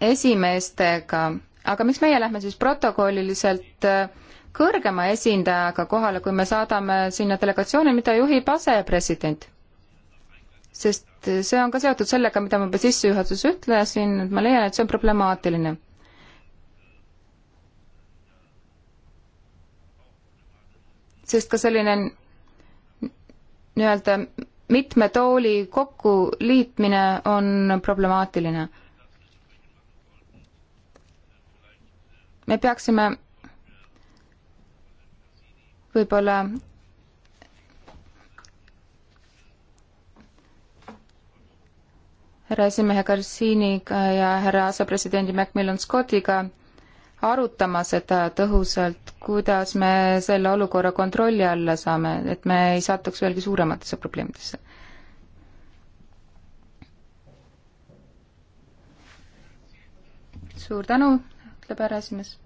esimeestega, aga miks meie lähme siis protokolliliselt äh, kõrgema esindajaga kohale, kui me saadame sinna delegatsiooni, mida juhib asepresident. sest see on ka seotud sellega, mida ma juba sissejuhatuses ütlesin, et ma leian, et see on problemaatiline. sest ka selline nii-öelda mitme tooli kokkuliitmine on problemaatiline. me peaksime võib-olla härra esimehe Garciniga ja härra asepresidendi Macmillan Scottiga arutama seda tõhusalt, kuidas me selle olukorra kontrolli alla saame, et me ei satuks veelgi suurematesse probleemidesse suur tänu, ütleb härra esimees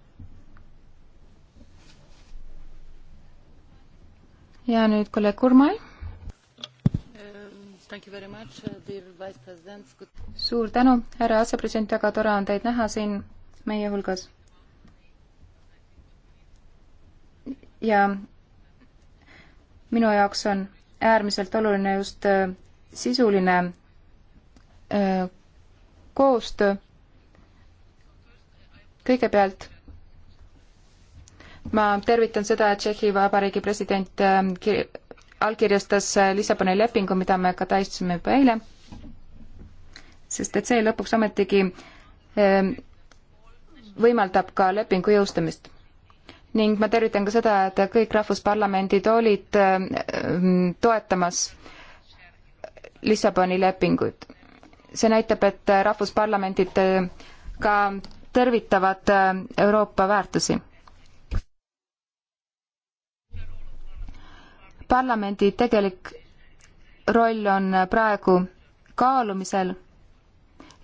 ja nüüd kolleeg Urmai. Uh, suur tänu, härra asepresident, väga tore on teid näha siin meie hulgas. ja minu jaoks on äärmiselt oluline just äh, sisuline äh, koostöö. kõigepealt ma tervitan seda, et Tšehhi Vabariigi president äh, allkirjastas äh, Lissaboni lepingu, mida me ka tähistasime juba eile, sest et see lõpuks ometigi ähm, võimaldab ka lepingu jõustamist. ning ma tervitan ka seda, et kõik rahvusparlamendid olid ähm, toetamas Lissaboni lepingut. see näitab, et rahvusparlamendid äh, ka tervitavad Euroopa väärtusi parlamendi tegelik roll on praegu kaalumisel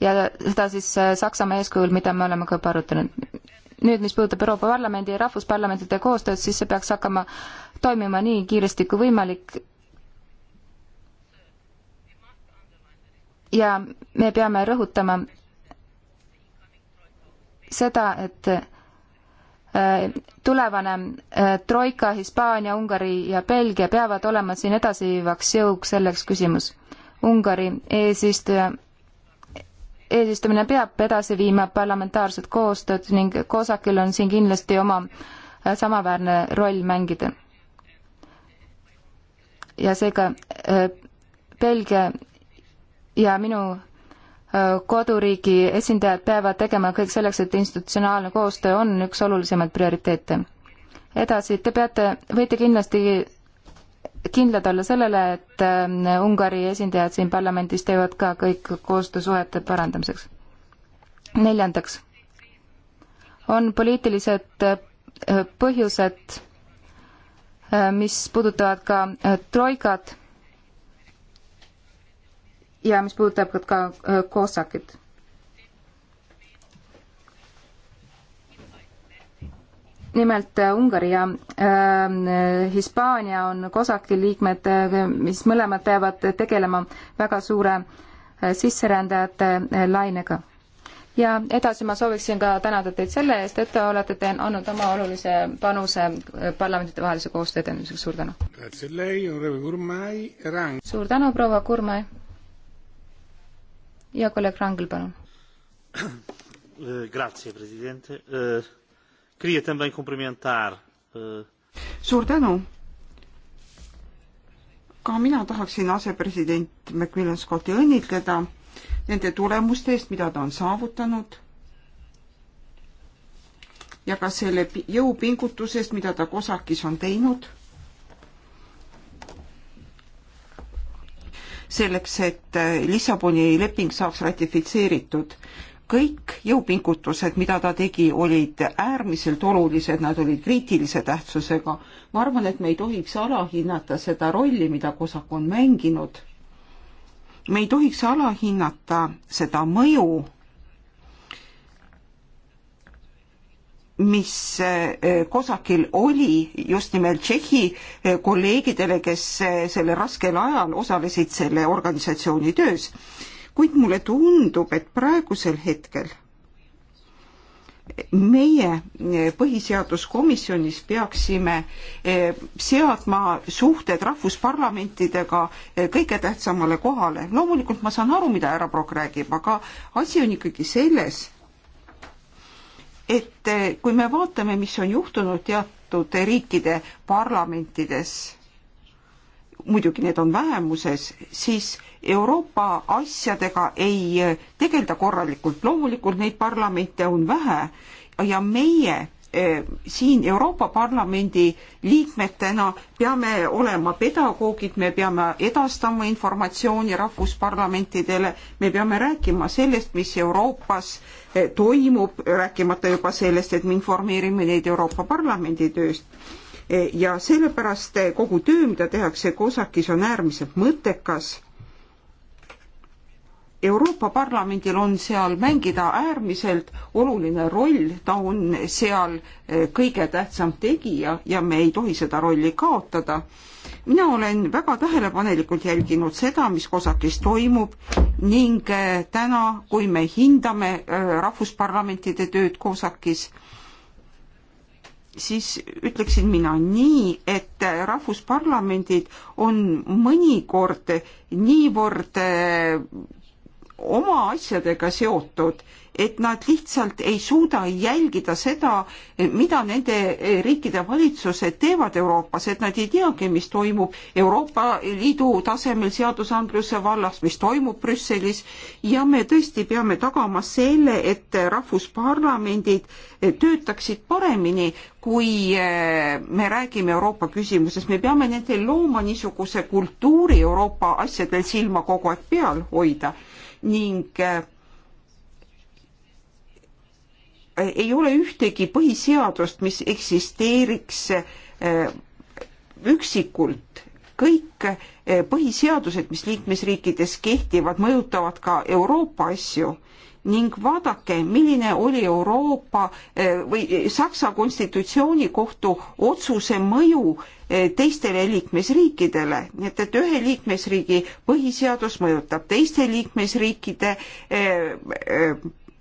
ja seda siis äh, Saksamaa eeskujul, mida me oleme ka juba arutanud. nüüd, mis puudutab Euroopa Parlamendi ja rahvusparlamentide koostööd, siis see peaks hakkama toimima nii kiiresti kui võimalik. ja me peame rõhutama seda, et Äh, tulevane äh, troika, Hispaania, Ungari ja Belgia peavad olema siin edasiviivaks jõuks selleks küsimus. Ungari eesistuja, eesistumine peab edasi viima parlamentaarset koostööd ning COSAC-il on siin kindlasti oma äh, samaväärne roll mängida. ja seega Belgia ja minu koduriigi esindajad peavad tegema kõik selleks, et institutsionaalne koostöö on üks olulisemaid prioriteete. edasi, te peate, võite kindlasti kindlad olla sellele, et ähm, Ungari esindajad siin parlamendis teevad ka kõik koostöösuhete parandamiseks. neljandaks on poliitilised äh, põhjused, äh, mis puudutavad ka äh, troikat ja mis puudutab ka koosakit. Äh, nimelt äh, Ungari ja ähm, äh, Hispaania on COSAC-i liikmed, äh, mis mõlemad peavad tegelema väga suure äh, sisserändajate äh, lainega. ja edasi ma sooviksin ka tänada teid selle eest, et te olete te andnud oma olulise panuse parlamentidevahelise koostöö edendamiseks, suur tänu! suur tänu, proua Kurmai! ja kolleeg Rangel, palun. Eh, grazie, president. Queria eh, também cumprimentar. Eh. suur tänu. ka mina tahaksin asepresident Macmillan Scotti õnnitleda nende tulemuste eest, mida ta on saavutanud ja ka selle jõupingutusest, mida ta Kosakis on teinud selleks, et äh, Lissaboni leping saaks ratifitseeritud. kõik jõupingutused, mida ta tegi, olid äärmiselt olulised, nad olid kriitilise tähtsusega. ma arvan, et me ei tohiks alahinnata seda rolli, mida Kosak on mänginud. me ei tohiks alahinnata seda mõju, mis Kosakil eh, oli just nimelt Tšehhi eh, kolleegidele, kes eh, sellel raskel ajal osalesid selle organisatsiooni töös. kuid mulle tundub, et praegusel hetkel meie põhiseaduskomisjonis peaksime seadma suhted rahvusparlamentidega kõige tähtsamale kohale. loomulikult ma saan aru, mida härra Prokk räägib, aga asi on ikkagi selles, et eh, kui me vaatame, mis on juhtunud teatud riikide parlamentides, muidugi need on vähemuses, siis Euroopa asjadega ei eh, tegelda korralikult. loomulikult neid parlamente on vähe ja meie Eh, siin Euroopa Parlamendi liikmetena peame olema pedagoogid, me peame edastama informatsiooni rahvusparlamentidele, me peame rääkima sellest, mis Euroopas eh, toimub, rääkimata juba sellest, et me informeerime neid Euroopa Parlamendi tööst. Eh, ja sellepärast kogu töö, mida tehakse COSAC-is, on äärmiselt mõttekas Euroopa Parlamendil on seal mängida äärmiselt oluline roll, ta on seal eh, kõige tähtsam tegija ja me ei tohi seda rolli kaotada. mina olen väga tähelepanelikult jälginud seda, mis COSAC-is toimub ning eh, täna, kui me hindame eh, rahvusparlamentide tööd COSAC-is, siis ütleksin mina nii, et rahvusparlamendid on mõnikord niivõrd oma asjadega seotud, et nad lihtsalt ei suuda jälgida seda, mida nende riikide valitsused teevad Euroopas, et nad ei teagi, mis toimub Euroopa Liidu tasemel seadusandluse vallas, mis toimub Brüsselis ja me tõesti peame tagama selle, et rahvusparlamendid töötaksid paremini, kui eh, me räägime Euroopa küsimusest, me peame nendel looma niisuguse kultuuri Euroopa asjadel silma kogu aeg peal hoida ning äh, ei ole ühtegi põhiseadust, mis eksisteeriks äh, üksikult. kõik äh, põhiseadused, mis liikmesriikides kehtivad, mõjutavad ka Euroopa asju ning vaadake, milline oli Euroopa eh, või eh, Saksa konstitutsioonikohtu otsuse mõju eh, teistele liikmesriikidele, nii et, et ühe liikmesriigi põhiseadus mõjutab teiste liikmesriikide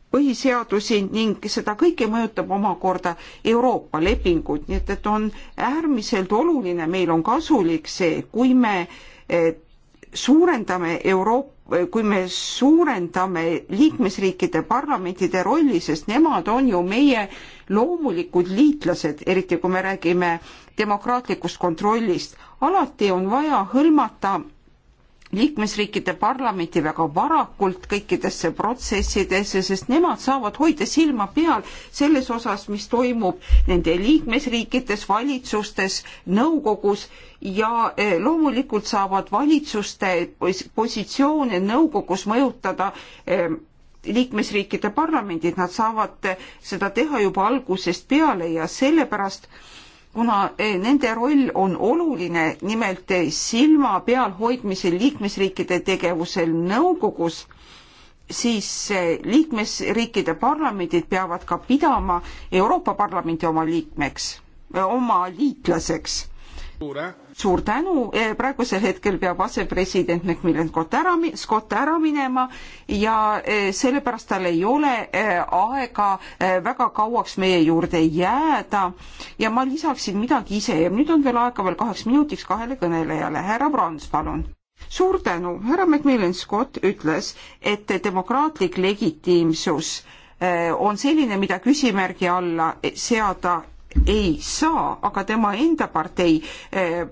põhiseadusi ning seda kõike mõjutab omakorda Euroopa lepingud, nii et, et on äärmiselt oluline, meil on kasulik see, kui me suurendame Euroopa kui me suurendame liikmesriikide parlamentide rolli, sest nemad on ju meie loomulikud liitlased, eriti kui me räägime demokraatlikust kontrollist, alati on vaja hõlmata liikmesriikide parlamenti väga varakult kõikidesse protsessidesse, sest nemad saavad hoida silma peal selles osas, mis toimub nende liikmesriikides, valitsustes, nõukogus ja eh, loomulikult saavad valitsuste positsioone nõukogus mõjutada eh, liikmesriikide parlamendid, nad saavad eh, seda teha juba algusest peale ja sellepärast kuna eh, nende roll on oluline, nimelt eh, silma peal hoidmisel liikmesriikide tegevusel nõukogus, siis eh, liikmesriikide parlamendid peavad ka pidama Euroopa Parlamendi oma liikmeks, oma liitlaseks suur tänu, e, praegusel hetkel peab asepresident Macmillan Scott ära, Scott ära minema ja e, sellepärast tal ei ole e, aega väga kauaks meie juurde jääda ja ma lisaksin midagi ise ja nüüd on veel aega veel kaheks minutiks kahele kõnelejale, härra Brans, palun suur tänu, härra Macmillan Scott ütles, et demokraatlik legitiimsus on selline, mida küsimärgi alla seada ei saa, aga tema enda partei, eh,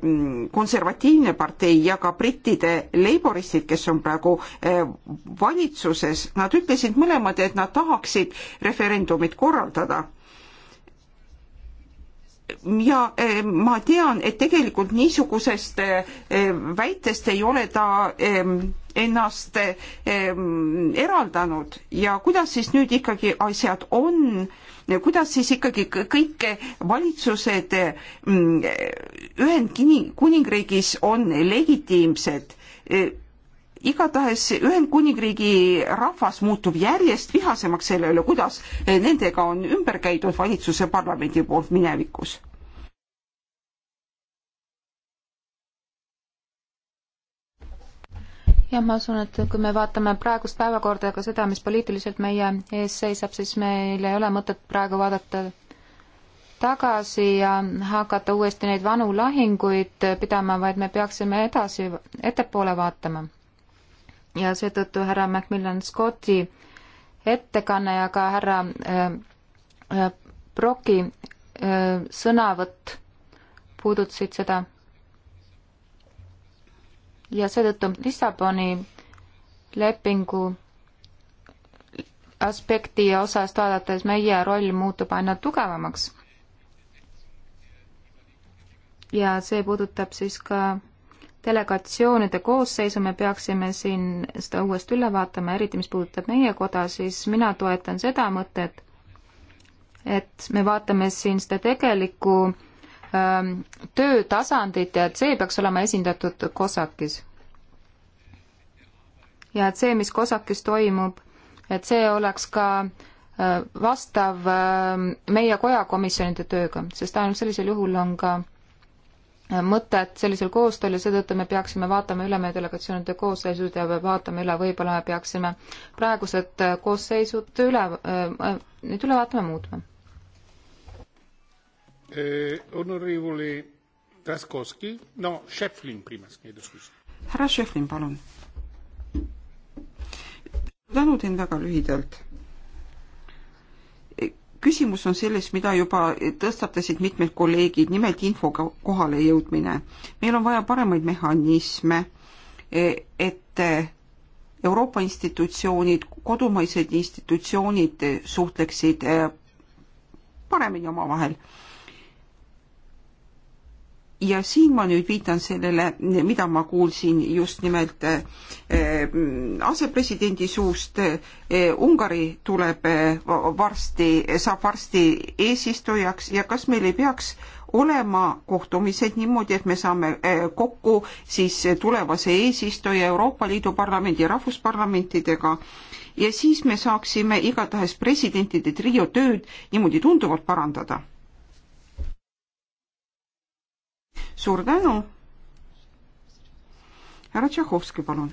konservatiivne partei ja ka brittide laboristid, kes on praegu eh, valitsuses, nad ütlesid mõlemad, et nad tahaksid referendumit korraldada ja eh, ma tean, et tegelikult niisugusest väitest ei ole ta ennast eraldanud ja kuidas siis nüüd ikkagi asjad on kuidas siis ikkagi kõik valitsused mm, Ühendkuningriigis on legitiimsed? E, igatahes Ühendkuningriigi rahvas muutub järjest vihasemaks selle üle, kuidas e, nendega on ümber käidud valitsuse parlamendi poolt minevikus jah, ma usun, et kui me vaatame praegust päevakorda ja ka seda, mis poliitiliselt meie ees seisab, siis meil ei ole mõtet praegu vaadata tagasi ja hakata uuesti neid vanu lahinguid pidama, vaid me peaksime edasi, ettepoole vaatama. ja seetõttu härra Macmillan Scotti ettekanne ja ka härra äh, äh Brocki äh, sõnavõtt puudutasid seda ja seetõttu Lissaboni lepingu aspekti osast vaadates meie roll muutub aina tugevamaks. ja see puudutab siis ka delegatsioonide koosseisu, me peaksime siin seda uuesti üle vaatama, eriti mis puudutab meie koda, siis mina toetan seda mõtet, et me vaatame siin seda tegelikku Ähm, töötasandit ja et see peaks olema esindatud COSAC-is. ja et see, mis COSAC-is toimub, et see oleks ka äh, vastav ähm, meie koja komisjonide tööga, sest ainult sellisel juhul on ka äh, mõtet sellisel koostööl ja seetõttu me peaksime vaatama üle meie delegatsioonide koosseisud ja vaatame üle, võib-olla me peaksime praegused äh, koosseisud üle, neid üle vaatama, muutma Eh, no Šeflin prima, skeedu siis. härra Šeflin, palun. tänu teen väga lühidalt. Eh, küsimus on selles, mida juba tõstatasid mitmed kolleegid, nimelt info kohale jõudmine. meil on vaja paremaid mehhanisme, eh, et Euroopa institutsioonid, kodumaised institutsioonid suhtleksid paremini omavahel ja siin ma nüüd viitan sellele, mida ma kuulsin just nimelt eh, mm, asepresidendi suust. Eh, Ungari tuleb eh, varsti, saab varsti eesistujaks ja kas meil ei peaks olema kohtumised niimoodi, et me saame kokku siis tulevase eesistuja Euroopa Liidu Parlamendi ja rahvusparlamentidega ja siis me saaksime igatahes presidentide trio tööd niimoodi tunduvalt parandada suur tänu. härra Tšahhovski, palun.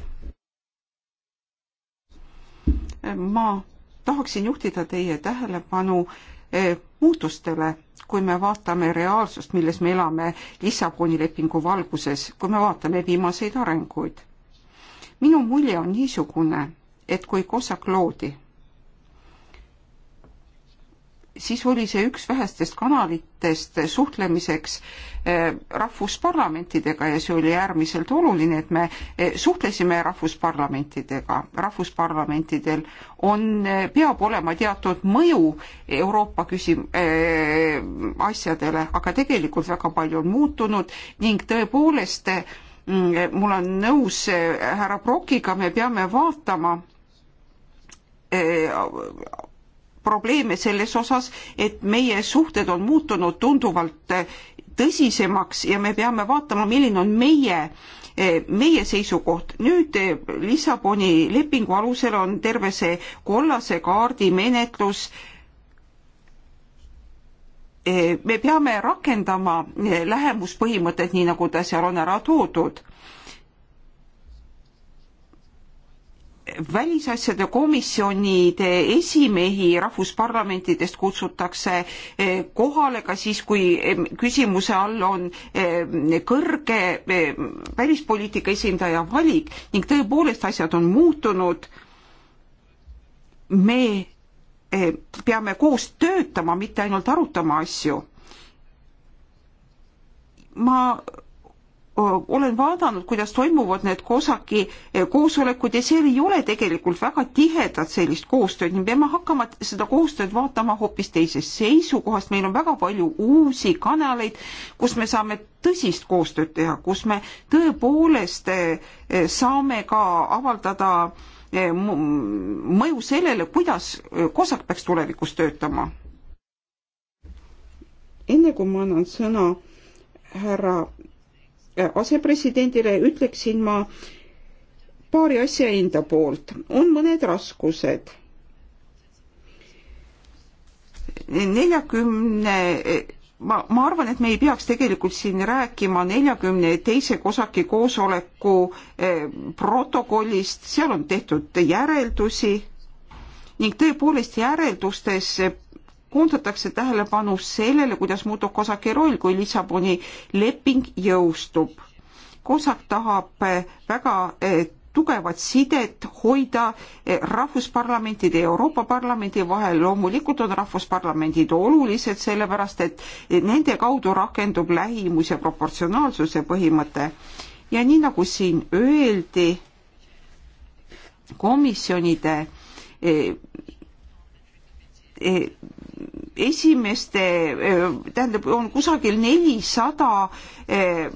ma tahaksin juhtida teie tähelepanu eh, muutustele, kui me vaatame reaalsust, milles me elame Lissaboni lepingu valguses, kui me vaatame viimaseid arenguid. minu mulje on niisugune, et kui Cossack loodi siis oli see üks vähestest kanalitest suhtlemiseks eh, rahvusparlamentidega ja see oli äärmiselt oluline, et me eh, suhtlesime rahvusparlamentidega. rahvusparlamentidel on, eh, peab olema teatud mõju Euroopa küsim- äh,, asjadele, aga tegelikult väga palju on muutunud ning tõepoolest mm, mul on nõus härra Brokiga, me peame vaatama äh, probleeme selles osas, et meie suhted on muutunud tunduvalt eh, tõsisemaks ja me peame vaatama, milline on meie eh, meie seisukoht. nüüd eh, Lissaboni lepingu alusel on terve see kollase kaardi menetlus me peame rakendama lähemuspõhimõtet, nii nagu ta seal on ära toodud välisasjade komisjonide esimehi rahvusparlamentidest kutsutakse eh, kohale ka siis, kui eh, küsimuse all on eh, kõrge välispoliitika esindaja valik ning tõepoolest asjad on muutunud. me peame koos töötama, mitte ainult arutama asju. ma olen vaadanud, kuidas toimuvad need COSAC-i koosolekud ja seal ei ole tegelikult väga tihedat sellist koostööd, me peame hakkama seda koostööd vaatama hoopis teisest seisukohast, meil on väga palju uusi kanaleid, kus me saame tõsist koostööd teha, kus me tõepoolest saame ka avaldada mõju sellele, kuidas COSAC peaks tulevikus töötama. enne kui ma annan sõna härra asepresidendile ütleksin ma paari asja enda poolt. on mõned raskused. neljakümne 40 ma, ma arvan, et me ei peaks tegelikult siin rääkima neljakümne teise COSAC-i koosoleku eh, protokollist, seal on tehtud järeldusi ning tõepoolest järeldustes koondatakse tähelepanu sellele, kuidas muutub Kosaki roll, kui Lissaboni leping jõustub. Kosak tahab eh, väga eh, tugevat sidet hoida eh, rahvusparlamentide ja Euroopa Parlamendi vahel. loomulikult on rahvusparlamendid olulised, sellepärast et nende kaudu rakendub lähimus ja proportsionaalsuse põhimõte. ja nii nagu siin öeldi, komisjonide esimeste, eh, tähendab, on kusagil nelisada eh,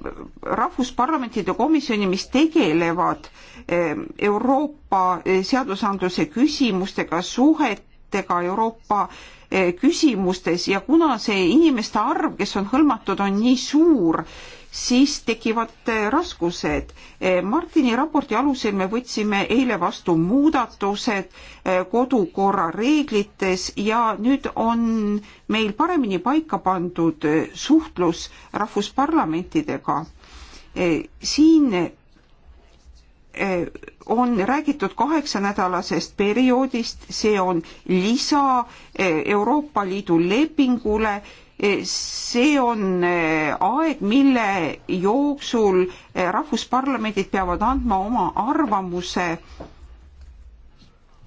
rahvusparlamentide komisjoni, mis tegelevad eh, Euroopa seadusandluse küsimustega, suhetega Euroopa küsimustes ja kuna see inimeste arv, kes on hõlmatud, on nii suur, siis tekivad eh, raskused. Eh, Martini raporti alusel me võtsime eile vastu muudatused eh, kodukorra reeglites ja nüüd on meil paremini paika pandud suhtlus rahvusparlamentidega. siin on räägitud kaheksanädalasest perioodist, see on lisa Euroopa Liidu lepingule see on eh, aeg, mille jooksul eh, rahvusparlamendid peavad andma oma arvamuse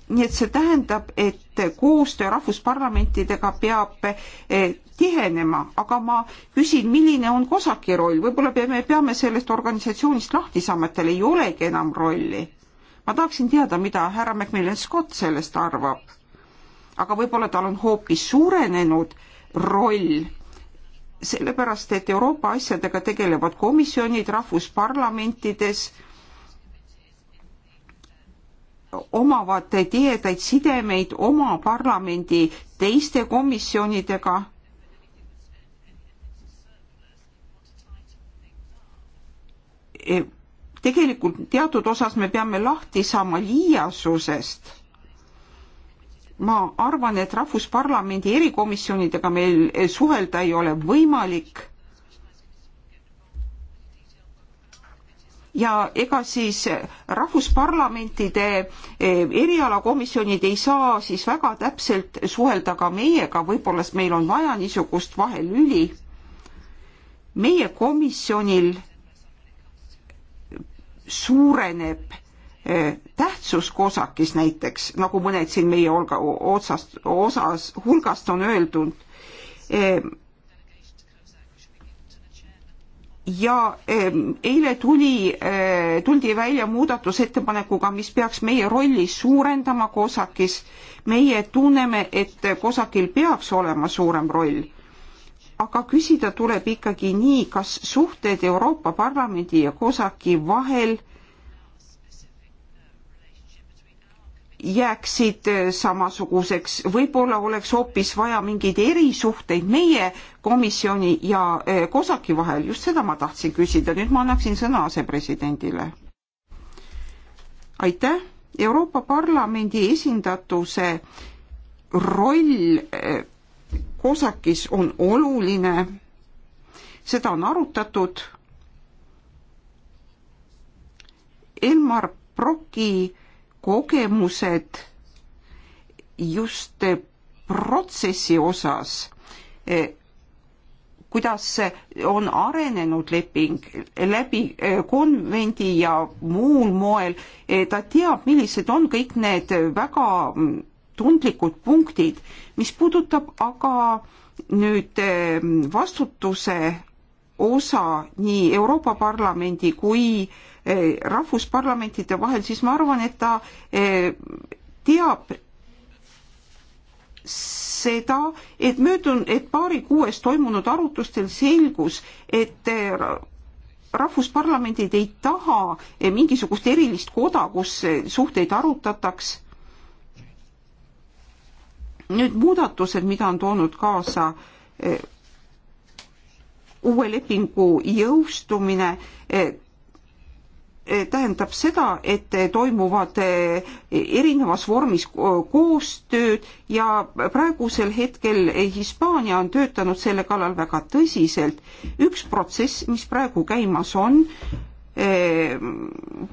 nii et see tähendab, et koostöö rahvusparlamentidega peab eh, tihenema, aga ma küsin, milline on COSAC-i roll, võib-olla me peame sellest organisatsioonist lahti saama, et tal ei olegi enam rolli. ma tahaksin teada, mida härra Macmillan Scott sellest arvab. aga võib-olla tal on hoopis suurenenud äh, roll sellepärast, et Euroopa asjadega tegelevad komisjonid rahvusparlamentides omavad tihedaid sidemeid oma parlamendi teiste komisjonidega. tegelikult teatud osas me peame lahti saama liiasusest ma arvan, et Rahvusparlamendi erikomisjonidega meil suhelda ei ole võimalik. ja ega siis rahvusparlamentide eh, erialakomisjonid ei saa siis väga täpselt suhelda ka meiega, võib-olla meil on vaja niisugust vahelüli. meie komisjonil suureneb tähtsus kosakis näiteks, nagu mõned siin meie olga, otsast, osas, hulgast on öeldud. Ehm, ja ehm, eile tuli, eh, tuldi välja muudatusettepanekuga, mis peaks meie rolli suurendama kosakis. meie tunneme, et kosakil peaks olema suurem roll aga küsida tuleb ikkagi nii, kas suhted Euroopa Parlamendi ja COSAC-i vahel äh, jääksid äh, samasuguseks, võib-olla oleks hoopis vaja mingeid erisuhteid meie komisjoni ja äh, COSAC-i vahel, just seda ma tahtsin küsida, nüüd ma annaksin sõna asepresidendile. aitäh, Euroopa Parlamendi esindatuse roll äh, COSAC-is on oluline, seda on arutatud, Elmar Broki kogemused just eh, protsessi osas, eh, kuidas on arenenud leping läbi eh, konvendi ja muul moel, ta teab, millised on kõik need väga mm, tundlikud punktid, mis puudutab aga nüüd vastutuse osa nii Euroopa Parlamendi kui eh, rahvusparlamentide vahel, siis ma arvan, et ta eh, teab seda, et möödunud, et paari kuues toimunud arutustel selgus, et eh, rahvusparlamendid ei taha mingisugust erilist koda, kus suhteid arutataks. nüüd muudatused, mida on toonud kaasa uue lepingu jõustumine eh, eh, tähendab seda, et toimuvad eh, erinevas vormis koostööd ja praegusel hetkel Hispaania on töötanud selle kallal väga tõsiselt. üks protsess, mis praegu käimas on,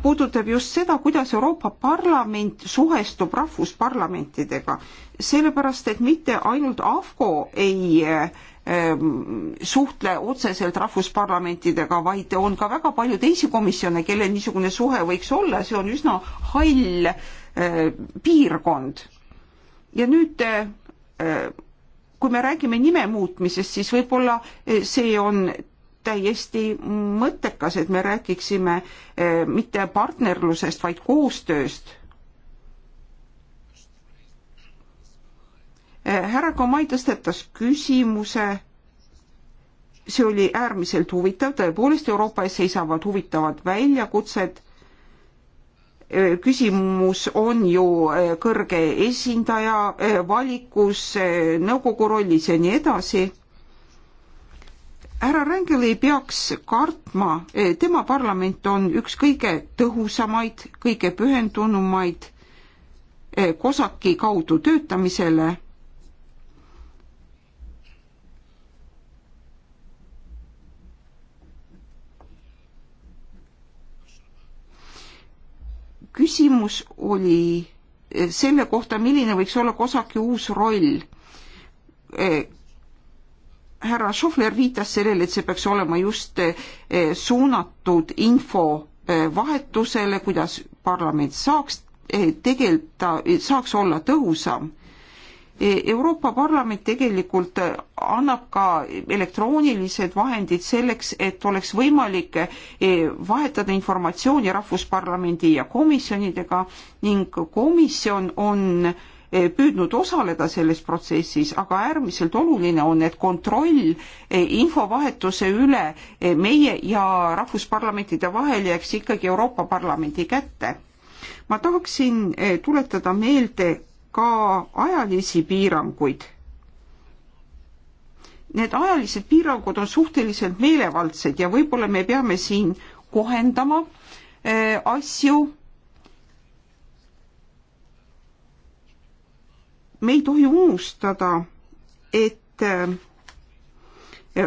puudutab just seda, kuidas Euroopa Parlament suhestub rahvusparlamentidega, sellepärast et mitte ainult AFCO ei Ehm, suhtle otseselt rahvusparlamentidega, vaid on ka väga palju teisi komisjone, kellel niisugune suhe võiks olla, see on üsna hall ehm, piirkond. ja nüüd ehm, kui me räägime nime muutmisest, siis võib-olla eh, see on täiesti mõttekas, et me räägiksime mitte partnerlusest, vaid koostööst Eh, härra Komai tõstetas küsimuse, see oli äärmiselt huvitav, tõepoolest Euroopa ees seisavad huvitavad väljakutsed. Eh, küsimus on ju eh, kõrge esindaja valikus, nõukogu rollis ja nii edasi härra Rangel ei peaks kartma, tema parlament on üks kõige tõhusamaid, kõige pühendunumaid COSAC-i kaudu töötamisele küsimus oli eh, selle kohta, milline võiks olla Kosaki uus roll. Eh, härra Schuhler viitas sellele, et see peaks olema just eh, suunatud infovahetusele, kuidas parlament saaks tegeleda, saaks olla tõhusam. E, Euroopa Parlament tegelikult annab ka elektroonilised vahendid selleks, et oleks võimalik e, vahetada informatsiooni Rahvusparlamendi ja komisjonidega ning komisjon on e, püüdnud osaleda selles protsessis, aga äärmiselt oluline on, et kontroll infovahetuse üle meie ja rahvusparlamentide vahel jääks ikkagi Euroopa Parlamendi kätte. ma tahaksin tuletada meelde ka ajalisi piiranguid. Need ajalised piirangud on suhteliselt meelevaldsed ja võib-olla me peame siin kohendama äh, asju. me ei tohi unustada, et äh,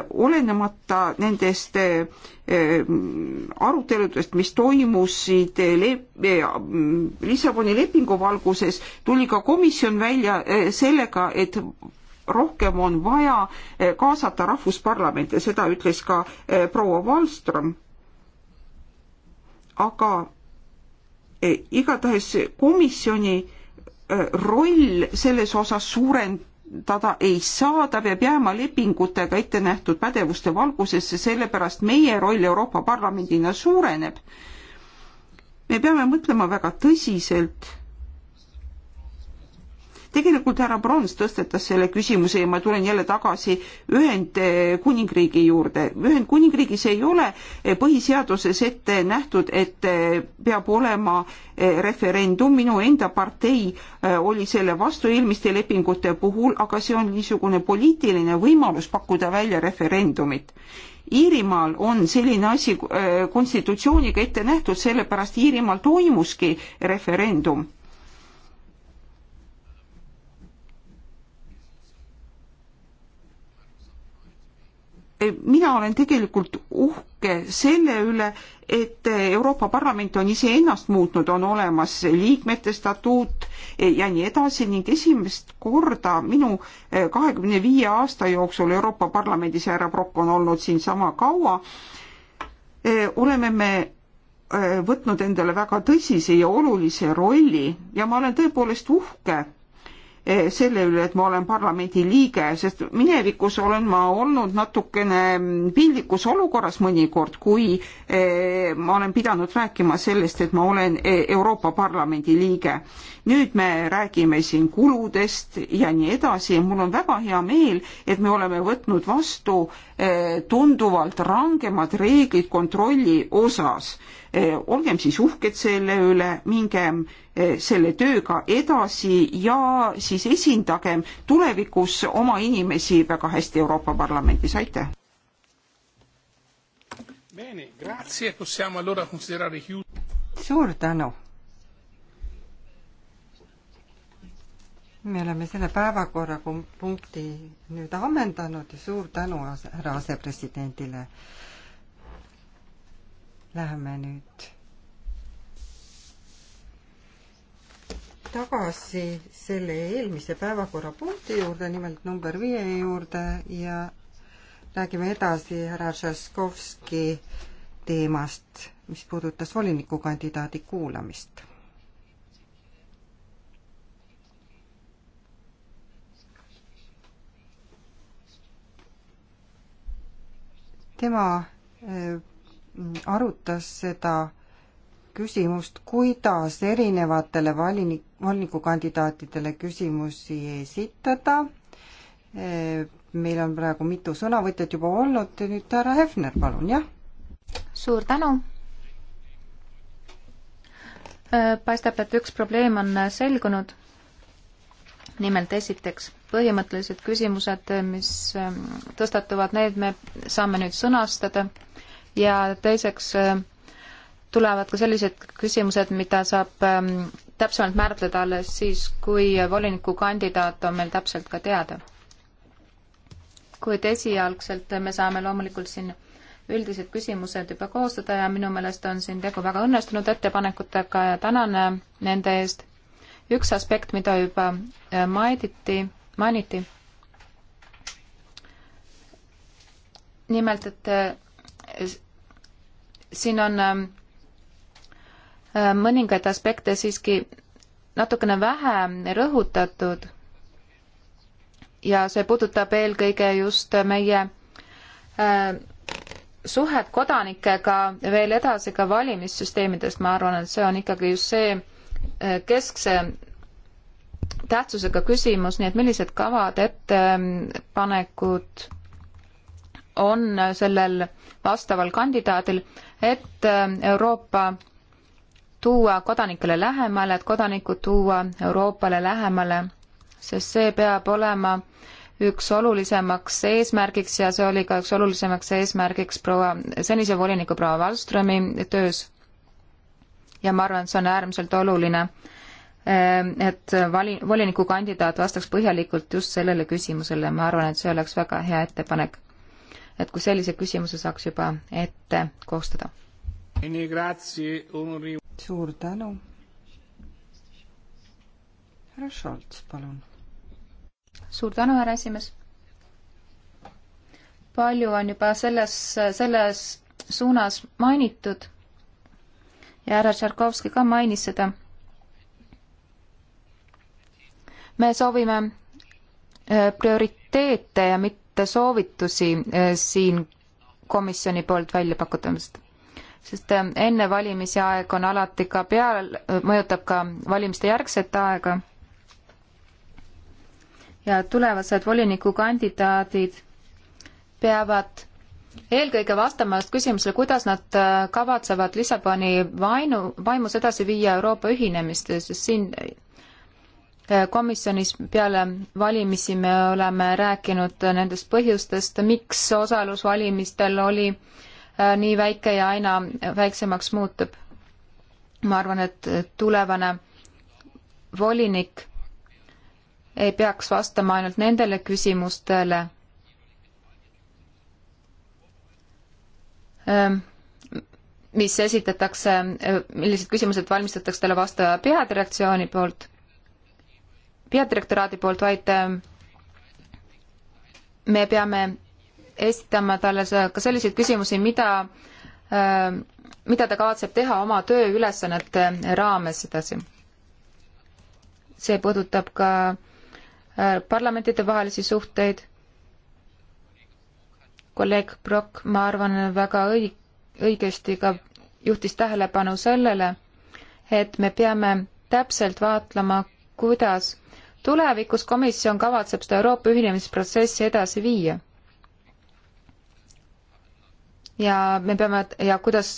olenemata nendest eh, eh, aruteludest, mis toimusid eh, mm, Lissaboni lepingu valguses, tuli ka komisjon välja sellega, et rohkem on vaja kaasata rahvusparlamente, seda ütles ka proua Wallström. aga igatahes komisjoni roll selles osas suuren-, tada ei saa, ta peab jääma lepingutega ette nähtud pädevuste valgusesse, sellepärast meie roll Euroopa Parlamendina suureneb. me peame mõtlema väga tõsiselt tegelikult härra Brons tõstetas selle küsimuse ja ma tulen jälle tagasi Ühendkuningriigi juurde. Ühendkuningriigis ei ole põhiseaduses ette nähtud, et peab olema referendum, minu enda partei äh, oli selle vastu eelmiste lepingute puhul, aga see on niisugune poliitiline võimalus pakkuda välja referendumit. Iirimaal on selline asi äh, konstitutsiooniga ette nähtud, sellepärast Iirimaal toimuski referendum Eh, mina olen tegelikult uhke selle üle, et eh, Euroopa Parlament on iseennast muutnud, on olemas liikmete statuut eh, ja nii edasi ning esimest korda minu kahekümne viie aasta jooksul Euroopa Parlamendis, härra Prokk on olnud siin sama kaua, oleme me võtnud endale väga tõsise ja olulise rolli ja ma olen tõepoolest uhke Eh, selle üle, et ma olen parlamendi liige, sest minevikus olen ma olnud natukene piinlikus olukorras mõnikord, kui eh, ma olen pidanud rääkima sellest, et ma olen eh, Euroopa Parlamendi liige nüüd me räägime siin kuludest ja nii edasi ja mul on väga hea meel, et me oleme võtnud vastu eh, tunduvalt rangemad reeglid kontrolli osas. Eh, olgem siis uhked selle üle, mingem eh, selle tööga edasi ja siis esindagem tulevikus oma inimesi väga hästi Euroopa Parlamendis, aitäh! suur tänu! me oleme selle päevakorrapunkti nüüd ammendanud ja suur tänu härra asepresidendile. Läheme nüüd tagasi selle eelmise päevakorrapunkti juurde, nimelt number viie juurde ja räägime edasi härra Šaskovski teemast, mis puudutas volinikukandidaadi kuulamist tema äh, arutas seda küsimust, kuidas erinevatele valinik, valinikukandidaatidele küsimusi esitada. Äh, meil on praegu mitu sõnavõtjat juba olnud, nüüd härra Hefner, palun, jah. suur tänu. Äh, paistab, et üks probleem on selgunud. nimelt esiteks põhimõttelised küsimused, mis ähm, tõstatuvad, need me saame nüüd sõnastada ja teiseks äh, tulevad ka sellised küsimused, mida saab ähm, täpsemalt määratleda alles siis, kui volinikukandidaat on meil täpselt ka teada. kuid esialgselt me saame loomulikult siin üldised küsimused juba koostada ja minu meelest on siin tegu väga õnnestunud ettepanekutega ja tänan äh, nende eest. üks aspekt, mida juba äh, mainiti, mainiti. nimelt, et eh, siin on eh, mõningaid aspekte siiski natukene vähe rõhutatud ja see puudutab eelkõige just meie eh, suhet kodanikega veel edasi ka valimissüsteemidest, ma arvan, et see on ikkagi just see keskse tähtsusega küsimus, nii et millised kavad, ettepanekud on sellel vastaval kandidaadil, et Euroopa tuua kodanikele lähemale, et kodanikud tuua Euroopale lähemale, sest see peab olema üks olulisemaks eesmärgiks ja see oli ka üks olulisemaks eesmärgiks proua, senise voliniku proua Wallströmi töös. ja ma arvan, et see on äärmiselt oluline Ehm, et vali-, volinikukandidaat vastaks põhjalikult just sellele küsimusele, ma arvan, et see oleks väga hea ettepanek. et kui sellise küsimuse saaks juba ette koostada. suur tänu. härra Šolts, palun. suur tänu, härra esimees. palju on juba selles, selles suunas mainitud ja härra Tšarkovski ka mainis seda me soovime äh, prioriteete ja mitte soovitusi äh, siin komisjoni poolt välja pakutamist. sest äh, enne valimisi aeg on alati ka peal, mõjutab ka valimiste järgset aega. ja tulevased volinikukandidaadid peavad eelkõige vastama küsimusele, kuidas nad kavatsevad Lissaboni vainu, vaimus edasi viia Euroopa ühinemist, sest siin komisjonis peale valimisi me oleme rääkinud nendest põhjustest, miks osalus valimistel oli äh, nii väike ja aina väiksemaks muutub. ma arvan, et tulevane volinik ei peaks vastama ainult nendele küsimustele, ähm, mis esitatakse, äh, millised küsimused valmistatakse talle vastaja peadirektsiooni poolt peadirektoraadi poolt, vaid äh, me peame esitama talle ka selliseid küsimusi, mida, äh, mida ta kavatseb teha oma tööülesannete raames edasi. see puudutab ka äh, parlamentidevahelisi suhteid. kolleeg Brock, ma arvan, väga õig-, õigesti ka juhtis tähelepanu sellele, et me peame täpselt vaatlema, kuidas tulevikus komisjon kavatseb seda Euroopa ühinemisprotsessi edasi viia? ja me peame ja kuidas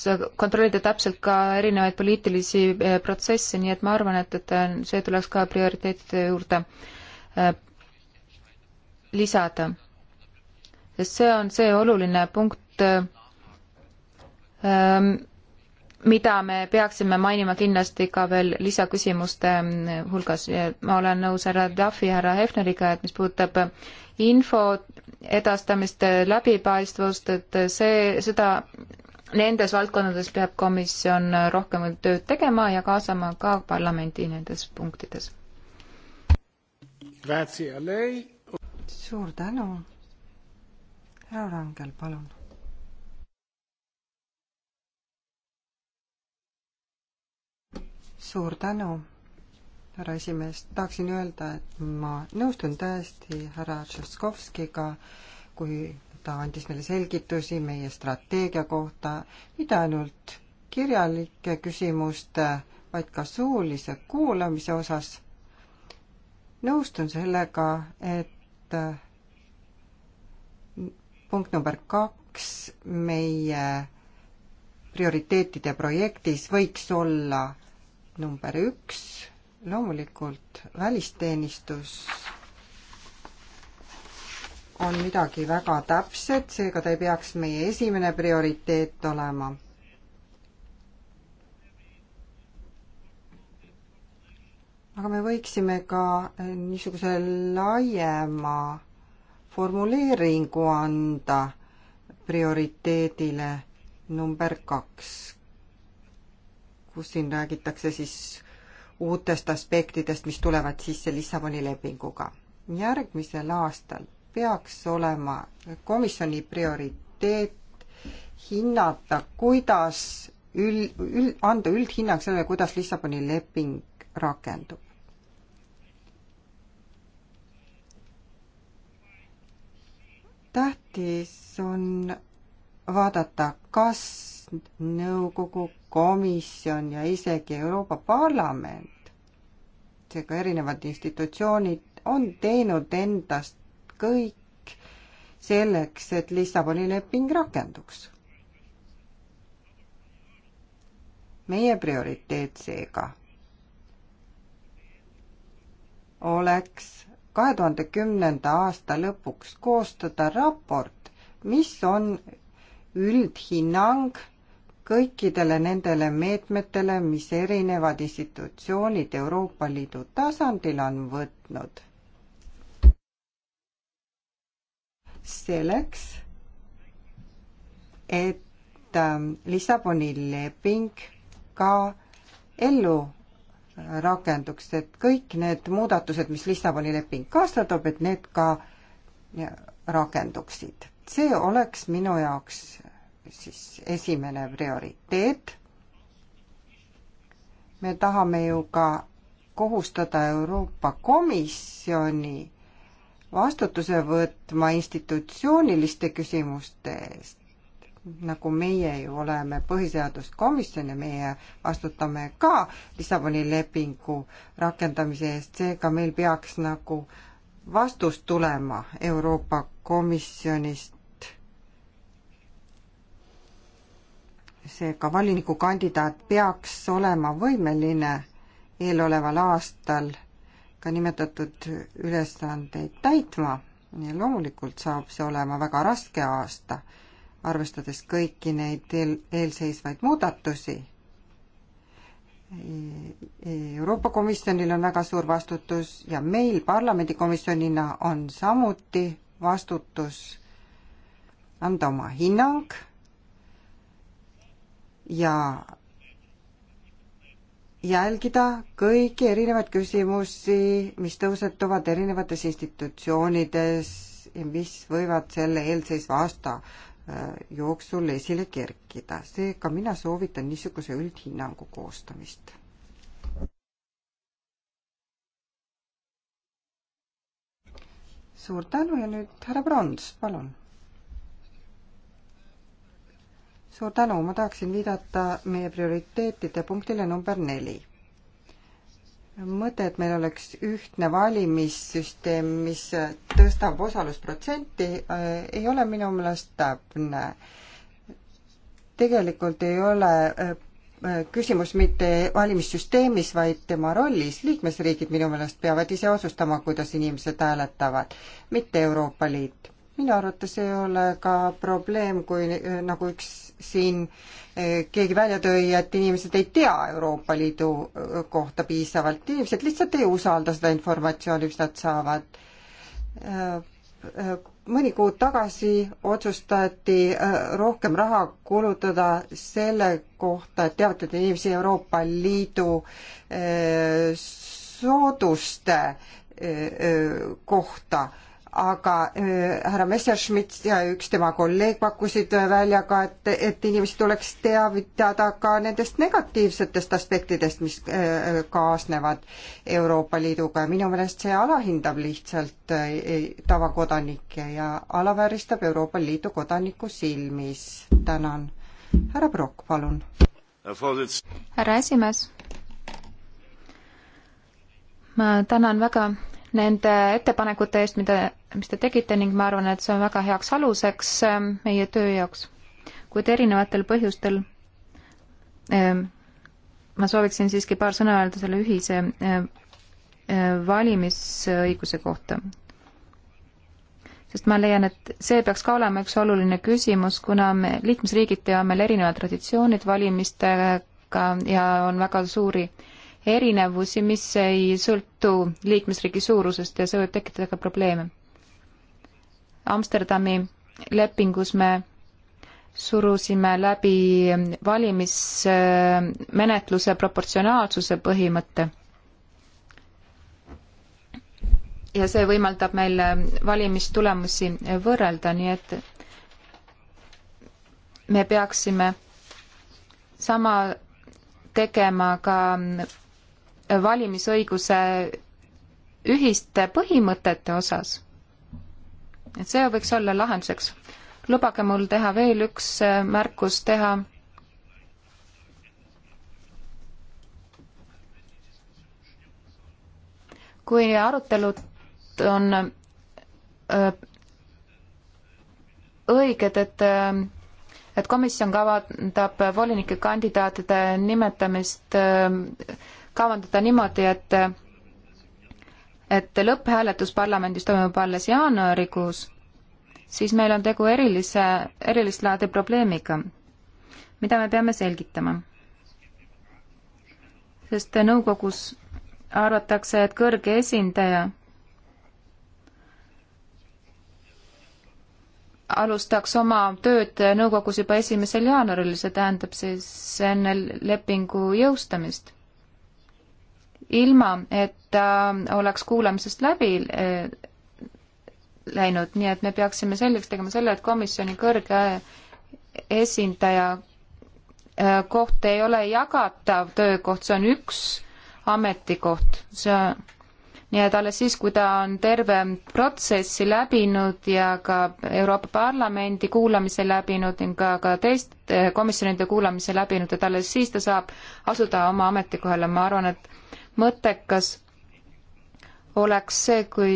kontrollida täpselt ka erinevaid poliitilisi eh, protsesse, nii et ma arvan, et, et eh, see tuleks ka prioriteetide juurde eh, lisada. sest see on see oluline punkt ähm,, mida me peaksime mainima kindlasti ka veel lisaküsimuste mm, hulgas. ma olen nõus härra Duffy, härra Hefneriga, et mis puudutab info edastamist, läbipaistvust, et see, seda, nendes valdkondades peab komisjon rohkem tööd tegema ja kaasama ka parlamendi nendes punktides. suur tänu. härra Rangel, palun suur tänu, härra esimees, tahaksin öelda, et ma nõustun täiesti härra Tšaskovskiga, kui ta andis meile selgitusi meie strateegia kohta, mitte ainult kirjalike küsimuste, vaid ka suulise kuulamise osas. nõustun sellega, et punkt number kaks meie prioriteetide projektis võiks olla number üks, loomulikult välisteenistus on midagi väga täpset, seega ta ei peaks meie esimene prioriteet olema aga me võiksime ka eh, niisuguse laiema formuleeringu anda prioriteedile number kaks kus siin räägitakse siis uutest aspektidest, mis tulevad sisse Lissaboni lepinguga. järgmisel aastal peaks olema komisjoni prioriteet hinnata, kuidas üld, üld, anda üldhinnang sellele, kuidas Lissaboni leping rakendub. tähtis on vaadata, kas nõukogu, komisjon ja isegi Euroopa Parlament, seega erinevad institutsioonid on teinud endast kõik selleks, et Lissaboni leping rakenduks. meie prioriteet seega oleks kahe tuhande kümnenda aasta lõpuks koostada raport, mis on üldhinnang kõikidele nendele meetmetele, mis erinevad institutsioonid Euroopa Liidu tasandil on võtnud. selleks, et ähm, Lissaboni leping ka ellu rakenduks, et kõik need muudatused, mis Lissaboni leping kaasa toob, et need ka rakenduksid. see oleks minu jaoks siis esimene prioriteet. me tahame ju ka kohustada Euroopa Komisjoni vastutuse võtma institutsiooniliste küsimuste eest, nagu meie ju oleme põhiseaduskomisjon ja meie vastutame ka Lissaboni lepingu rakendamise eest, seega meil peaks nagu vastus tulema Euroopa Komisjonist seega volinikukandidaat peaks olema võimeline eeloleval aastal ka nimetatud ülesandeid täitma ja loomulikult saab see olema väga raske aasta, arvestades kõiki neid eel, eelseisvaid muudatusi. E, Euroopa Komisjonil on väga suur vastutus ja meil parlamendikomisjonina on samuti vastutus anda oma hinnang ja jälgida kõiki erinevaid küsimusi, mis tõusetuvad erinevates institutsioonides ja mis võivad selle eelseisva aasta äh, jooksul esile kerkida. seega mina soovitan niisuguse üldhinnangu koostamist. suur tänu ja nüüd härra Brons, palun suur tänu, ma tahaksin viidata meie prioriteetide punktile number neli. mõte, et meil oleks ühtne valimissüsteem, mis tõstab osalusprotsenti, eh, ei ole minu meelest täpne. tegelikult ei ole eh, küsimus mitte valimissüsteemis, vaid tema rollis. liikmesriigid minu meelest peavad ise otsustama, kuidas inimesed hääletavad, mitte Euroopa Liit. minu arvates ei ole ka probleem, kui eh, nagu üks siin eh, keegi välja tõi, et inimesed ei tea Euroopa Liidu eh, kohta piisavalt, inimesed lihtsalt ei usalda seda informatsiooni, mis nad saavad. Eh, mõni kuu tagasi otsustati rohkem raha kulutada selle kohta, et teavitada inimesi Euroopa Liidu sooduste kohta aga äh, härra Messerschmidt ja üks tema kolleeg pakkusid äh, välja ka, et, et inimesi tuleks teavitada ka nendest negatiivsetest aspektidest, mis äh, kaasnevad Euroopa Liiduga ja minu meelest see alahindab lihtsalt tavakodanikke ja alavääristab Euroopa Liidu kodaniku silmis. tänan. härra Brock, palun. härra esimees. ma tänan väga nende ettepanekute eest, mida mis te tegite ning ma arvan, et see on väga heaks aluseks ähm, meie töö jaoks. kuid erinevatel põhjustel ähm, ma sooviksin siiski paar sõna öelda selle ühise ähm, äh, valimisõiguse kohta. sest ma leian, et see peaks ka olema üks oluline küsimus, kuna me liikmesriigiti on meil erinevad traditsioonid valimistega ja on väga suuri erinevusi, mis ei sõltu liikmesriigi suurusest ja see võib tekitada ka probleeme Amsterdami lepingus me surusime läbi valimismenetluse proportsionaalsuse põhimõtte. ja see võimaldab meil valimistulemusi võrrelda, nii et me peaksime sama tegema ka valimisõiguse ühiste põhimõtete osas et see võiks olla lahenduseks. lubage mul teha veel üks äh, märkus teha. kui arutelud on öö, äh, õiged, et öö, äh, et komisjon kavandab volinike kandidaatide nimetamist kavandada niimoodi, et et lõpphääletus parlamendis toimub alles jaanuarikuus, siis meil on tegu erilise, erilist laadi probleemiga, mida me peame selgitama. sest nõukogus arvatakse, et kõrge esindaja alustaks oma tööd nõukogus juba esimesel jaanuaril, see tähendab siis enne lepingu jõustamist ilma et ta äh, oleks kuulamisest läbi äh, läinud, nii et me peaksime selgeks tegema selle, et komisjoni kõrge esindaja äh, koht ei ole jagatav töökoht, see on üks ametikoht, see nii et alles siis, kui ta on terve protsessi läbinud ja ka Euroopa Parlamendi kuulamise läbinud ning ka, ka teiste komisjonide kuulamise läbinud, et alles siis ta saab asuda oma ametikohale, ma arvan, et mõttekas oleks see, kui,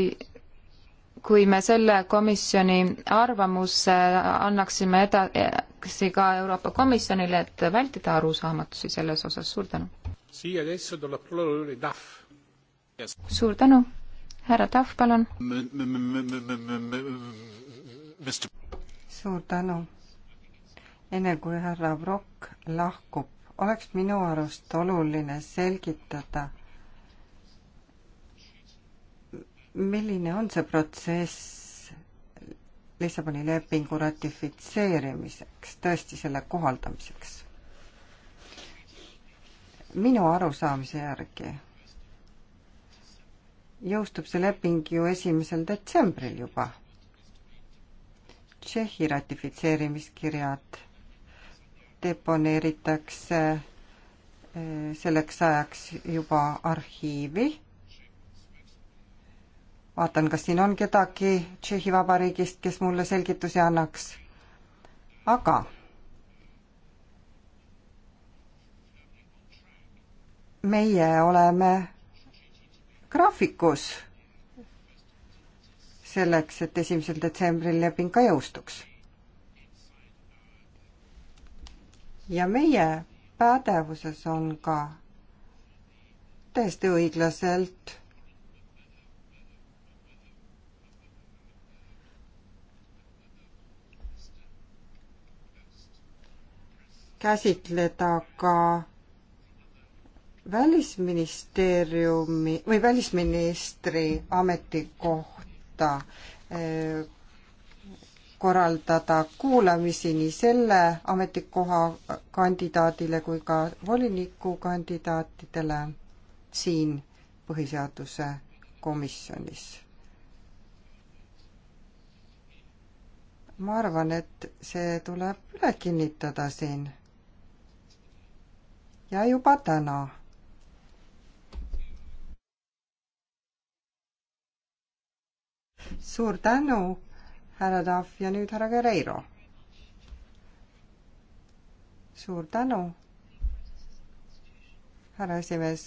kui me selle komisjoni arvamuse annaksime edasi ka Euroopa Komisjonile, et vältida arusaamatusi selles osas, suur tänu. Yes. suur tänu, härra Tahv, palun. suur tänu. enne kui härra Brock lahkub, oleks minu arust oluline selgitada milline on see protsess Lissaboni lepingu ratifitseerimiseks, tõesti selle kohaldamiseks? minu arusaamise järgi jõustub see leping ju esimesel detsembril juba. Tšehhi ratifitseerimiskirjad deponeeritakse eh, selleks ajaks juba arhiivi vaatan, kas siin on kedagi Tšehhi Vabariigist, kes mulle selgitusi annaks. aga meie oleme graafikus selleks, et esimesel detsembril leping ka jõustuks. ja meie pädevuses on ka täiesti õiglaselt käsitleda ka välisministeeriumi või välisministri ametikohta eh, korraldada kuulamisi nii selle ametikoha kandidaadile kui ka volinikukandidaatidele siin põhiseaduse komisjonis. ma arvan, et see tuleb üle kinnitada siin ja juba täna. suur tänu, härra Tahv ja nüüd härra Guerreiro. suur tänu, härra esimees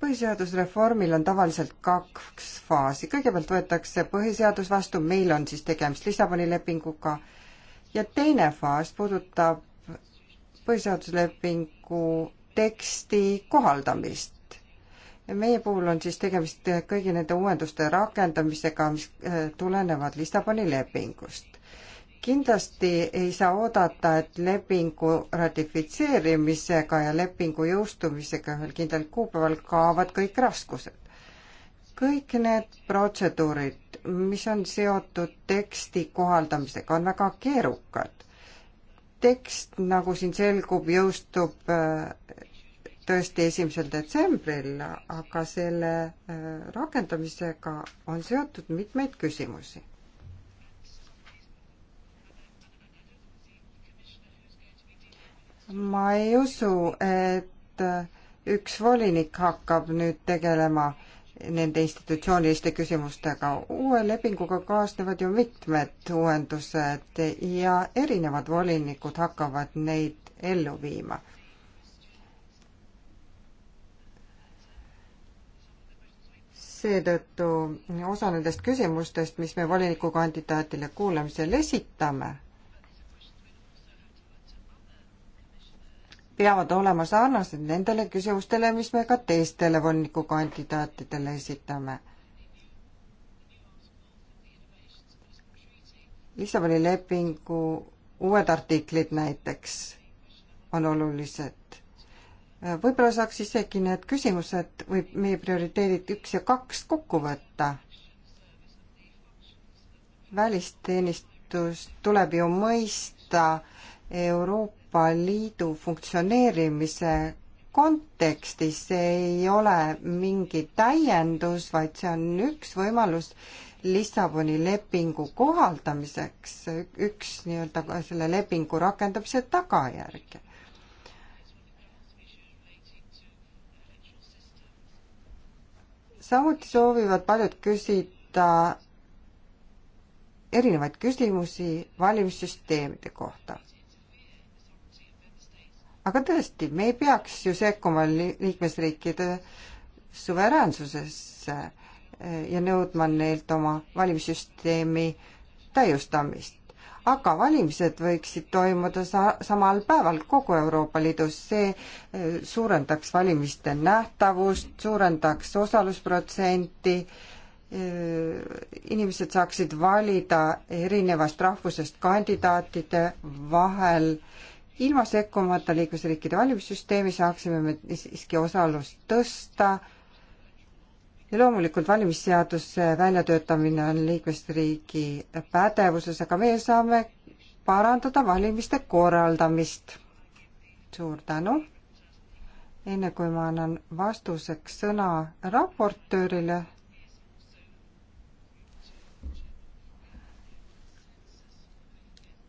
põhiseadusreformil on tavaliselt kaks faasi, kõigepealt võetakse põhiseadus vastu, meil on siis tegemist Lissaboni lepinguga, ja teine faas puudutab põhiseaduslepingu teksti kohaldamist. meie puhul on siis tegemist kõigi nende uuenduste rakendamisega, mis äh, tulenevad Lissaboni lepingust. kindlasti ei saa oodata, et lepingu ratifitseerimisega ja lepingu jõustumisega ühel kindlal kuupäeval kaovad kõik raskused. kõik need protseduurid, mis on seotud teksti kohaldamisega, on väga keerukad tekst, nagu siin selgub, jõustub äh, tõesti esimesel detsembril, aga selle äh, rakendamisega on seotud mitmeid küsimusi. ma ei usu, et äh, üks volinik hakkab nüüd tegelema äh, nende institutsiooniliste küsimustega. uue lepinguga kaasnevad ju mitmed uuendused ja erinevad volinikud hakkavad neid ellu viima. seetõttu osa nendest küsimustest, mis me volinikukandidaatile kuulamisel esitame peavad olema sarnased nendele küsimustele, mis me ka teistele volinikukandidaatidele esitame. Lissaboni lepingu uued artiklid näiteks on olulised. võib-olla saaks isegi need küsimused või meie prioriteedid üks ja kaks kokku võtta. välisteenistust tuleb ju mõista äh, Euroopa Liidu funktsioneerimise kontekstis, see ei ole mingi täiendus, vaid see on üks võimalus Lissaboni lepingu kohaldamiseks, üks nii-öelda selle lepingu rakendamise tagajärge. samuti soovivad paljud küsida erinevaid küsimusi valimissüsteemide kohta aga tõesti, me ei peaks ju sekkuma liikmesriikide suveräänsusesse eh, ja nõudma neilt oma valimissüsteemi täiustamist. aga valimised võiksid toimuda sa-, samal päeval kogu Euroopa Liidus, see eh, suurendaks valimiste nähtavust, suurendaks osalusprotsenti, eh, inimesed saaksid valida erinevast rahvusest kandidaatide vahel äh, ilma sekkumata liikmesriikide valimissüsteemi saaksime me siiski osalust tõsta ja loomulikult valimisseaduse väljatöötamine on liikmesriigi pädevuses, aga meie saame parandada valimiste korraldamist. suur tänu. enne kui ma annan vastuseks sõna raportöörile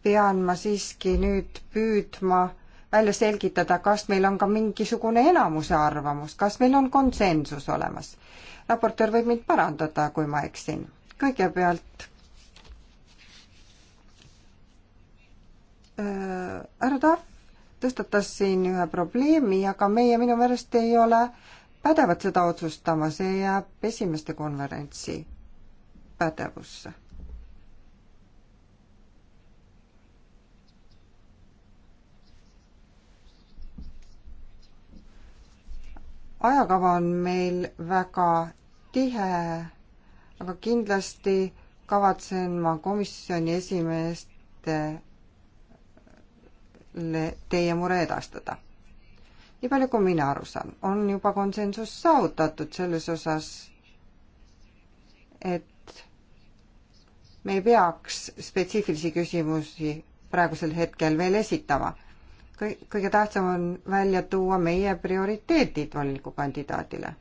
pean ma siiski nüüd püüdma välja selgitada, kas meil on ka mingisugune enamuse arvamus, kas meil on konsensus olemas. raportöör võib mind parandada, kui ma eksin. kõigepealt äh, härra Tahv tõstatas siin ühe probleemi, aga meie minu meelest ei ole pädevad seda otsustama, see jääb esimeste konverentsi pädevusse ajakava on meil väga tihe, aga kindlasti kavatsen ma komisjoni esimeestele teie mure edastada. nii palju, kui mina aru saan, on juba konsensus saavutatud selles osas, et me ei peaks spetsiifilisi küsimusi praegusel hetkel veel esitama kõige tähtsam on välja tuua meie prioriteedid volinikukandidaadile.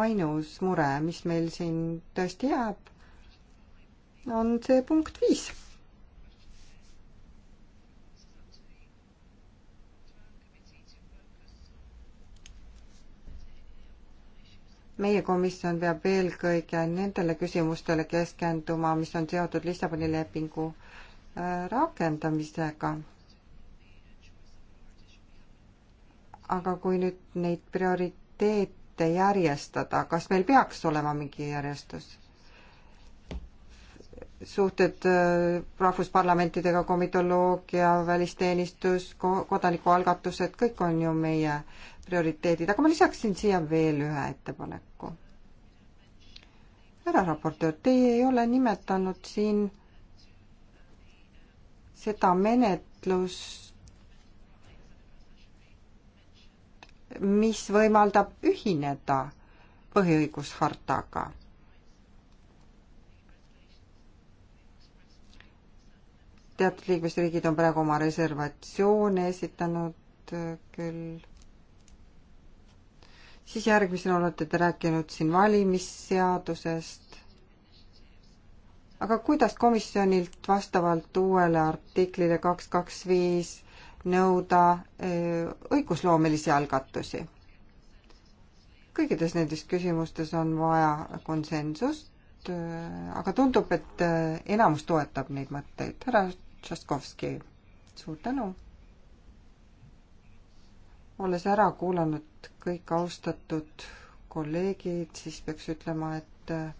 ainus mure, mis meil siin tõesti jääb, on see punkt viis meie komisjon peab eelkõige nendele küsimustele keskenduma, mis on seotud Lissaboni lepingu äh, rakendamisega. aga kui nüüd neid prioriteete järjestada, kas meil peaks olema mingi järjestus? suhted äh, rahvusparlamentidega, komitoloogia, välisteenistus, kodanikualgatused, kõik on ju meie äh, prioriteedid, aga ma lisaksin siia veel ühe ettepaneku. härra raportöör, teie ei ole nimetanud siin seda menetlust, mis võimaldab ühineda põhiõigushartaga. teatud liikmesriigid on praegu oma reservatsioone esitanud küll siis järgmisena olete te rääkinud siin valimisseadusest. aga kuidas komisjonilt vastavalt uuele artiklile kaks, kaks, viis nõuda eh, õigusloomelisi algatusi? kõikides nendes küsimustes on vaja konsensust, eh, aga tundub, et eh, enamus toetab neid mõtteid. härra Tšaskovski, suur tänu! olles ära kuulanud kõik austatud kolleegid, siis peaks ütlema, et äh,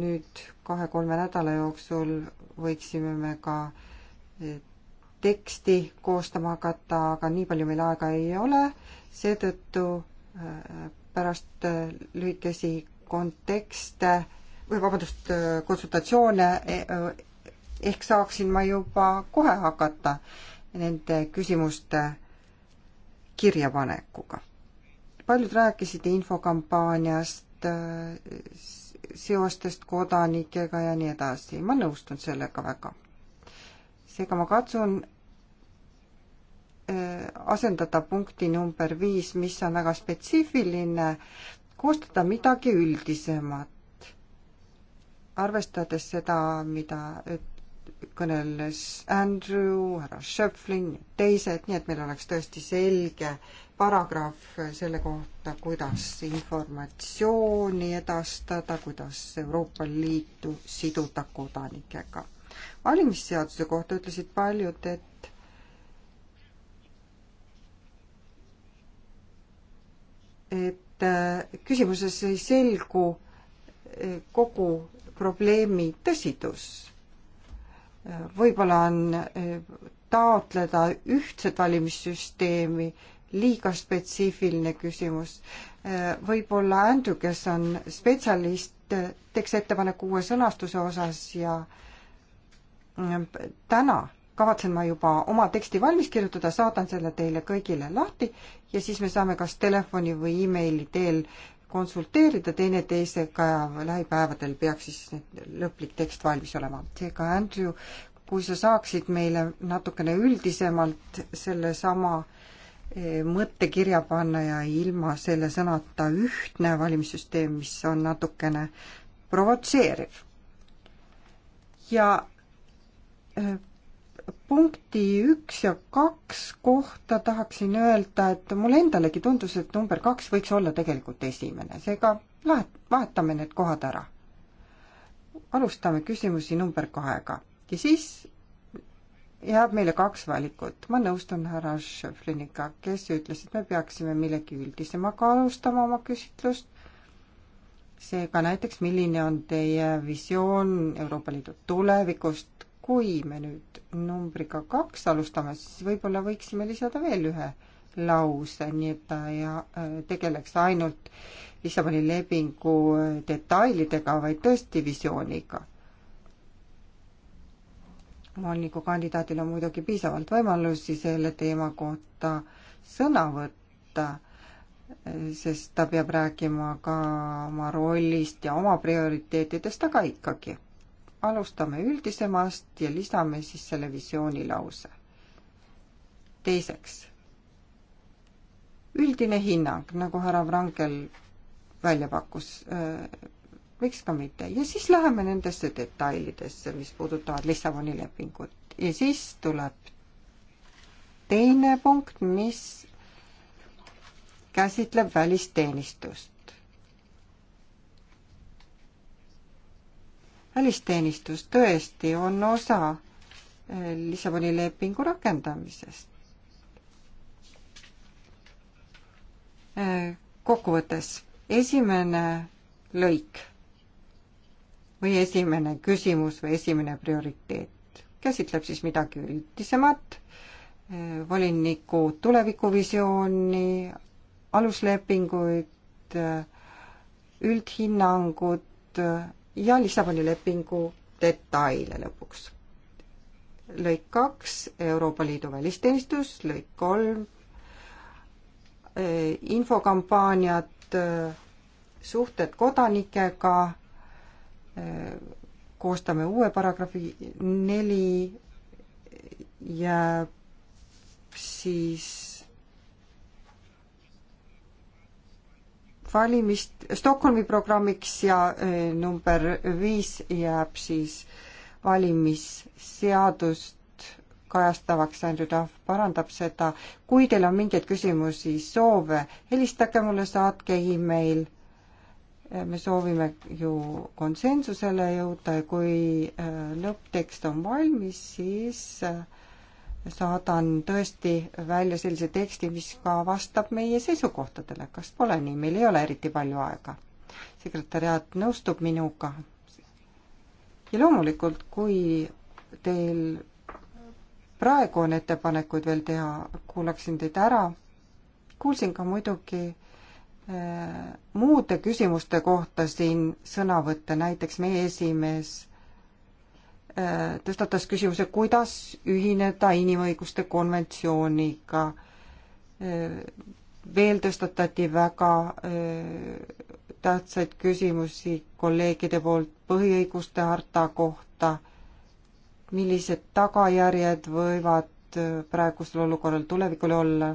nüüd kahe-kolme nädala jooksul võiksime me ka äh, teksti koostama hakata, aga nii palju meil aega ei ole, seetõttu äh, pärast lühikesi kontekste või vabandust, konsultatsioone e, ehk saaksin ma juba kohe hakata nende küsimuste kirjapanekuga paljud rääkisid infokampaaniast, äh, seostest kodanikega ja nii edasi, ma nõustun sellega väga. seega ma katsun äh, asendada punkti number viis, mis on väga spetsiifiline, koostada midagi üldisemat, arvestades seda, mida kõneles Andrew, härra Schöpflin ja teised, nii et meil oleks tõesti selge paragrahv selle kohta, kuidas informatsiooni edastada, kuidas Euroopa Liitu siduda kodanikega. valimisseaduse kohta ütlesid paljud, et et äh, küsimuses ei selgu äh, kogu probleemi tõsidus võib-olla on eh, taotleda ühtset valimissüsteemi liiga spetsiifiline küsimus. Eh, võib-olla Andrew, kes on spetsialist, teeks ettepaneku uue sõnastuse osas ja mm, täna kavatsen ma juba oma teksti valmis kirjutada, saatan selle teile kõigile lahti ja siis me saame kas telefoni või emaili teel konsulteerida teineteisega ja lähipäevadel peaks siis nüüd lõplik tekst valmis olema. seega, Andrew, kui sa saaksid meile natukene üldisemalt sellesama eh, mõttekirja panna ja ilma selle sõnata ühtne valimissüsteem, mis on natukene provotseeriv. ja eh, punkti üks ja kaks kohta tahaksin öelda, et mulle endalegi tundus, et number kaks võiks olla tegelikult esimene, seega lahet-, vahetame need kohad ära. alustame küsimusi number kahega ja siis jääb meile kaks valikut. ma nõustun härra Šefliniga, kes ütles, et me peaksime millegi üldisemaga alustama oma küsitlust. seega näiteks, milline on teie visioon Euroopa Liidu tulevikust, kui me nüüd numbriga kaks alustame, siis võib-olla võiksime lisada veel ühe lause, nii et ta ja äh, tegeleks ainult Lissaboni lepingu äh, detailidega, vaid tõesti visiooniga. volinikukandidaadil on muidugi piisavalt võimalusi selle teema kohta sõna võtta, sest ta peab rääkima ka oma rollist ja oma prioriteetidest, aga ikkagi alustame üldisemast ja lisame siis selle visioonilause. teiseks, üldine hinnang, nagu härra Vrangel välja pakkus, äh, miks ka mitte, ja siis läheme nendesse detailidesse, mis puudutavad Lissaboni lepingut ja siis tuleb teine punkt, mis käsitleb välisteenistust. välisteenistus tõesti on osa eh, Lissaboni lepingu rakendamisest. Eh, kokkuvõttes esimene lõik või esimene küsimus või esimene prioriteet käsitleb siis midagi üldisemat, eh, voliniku tulevikuvisiooni, aluslepinguid, üldhinnangut, ja Lissaboni lepingu detaile lõpuks. lõik kaks, Euroopa Liidu välisteenistus, lõik kolm, eh, infokampaaniad, eh, suhted kodanikega, eh, koostame uue paragrahvi, neli jääb siis valimist Stockholmi programmiks ja eh, number viis jääb siis valimisseadust kajastavaks, Andrew Duff parandab seda. kui teil on mingeid küsimusi, soove, helistage mulle, saatke email. Eh, me soovime ju konsensusele jõuda ja kui eh, lõpptekst on valmis, siis äh, saadan tõesti välja sellise teksti, mis ka vastab meie seisukohtadele, kas pole nii, meil ei ole eriti palju aega. sekretäriaat nõustub minuga. ja loomulikult, kui teil praegu on ettepanekuid veel teha, kuulaksin teid ära. kuulsin ka muidugi eh, muude küsimuste kohta siin sõnavõtte, näiteks meie esimees Äh, tõstatas küsimuse, kuidas ühineda inimõiguste konventsiooniga. Äh, veel tõstatati väga äh, tähtsaid küsimusi kolleegide poolt põhiõiguste harta kohta, millised tagajärjed võivad praegusel olukorral tulevikul olla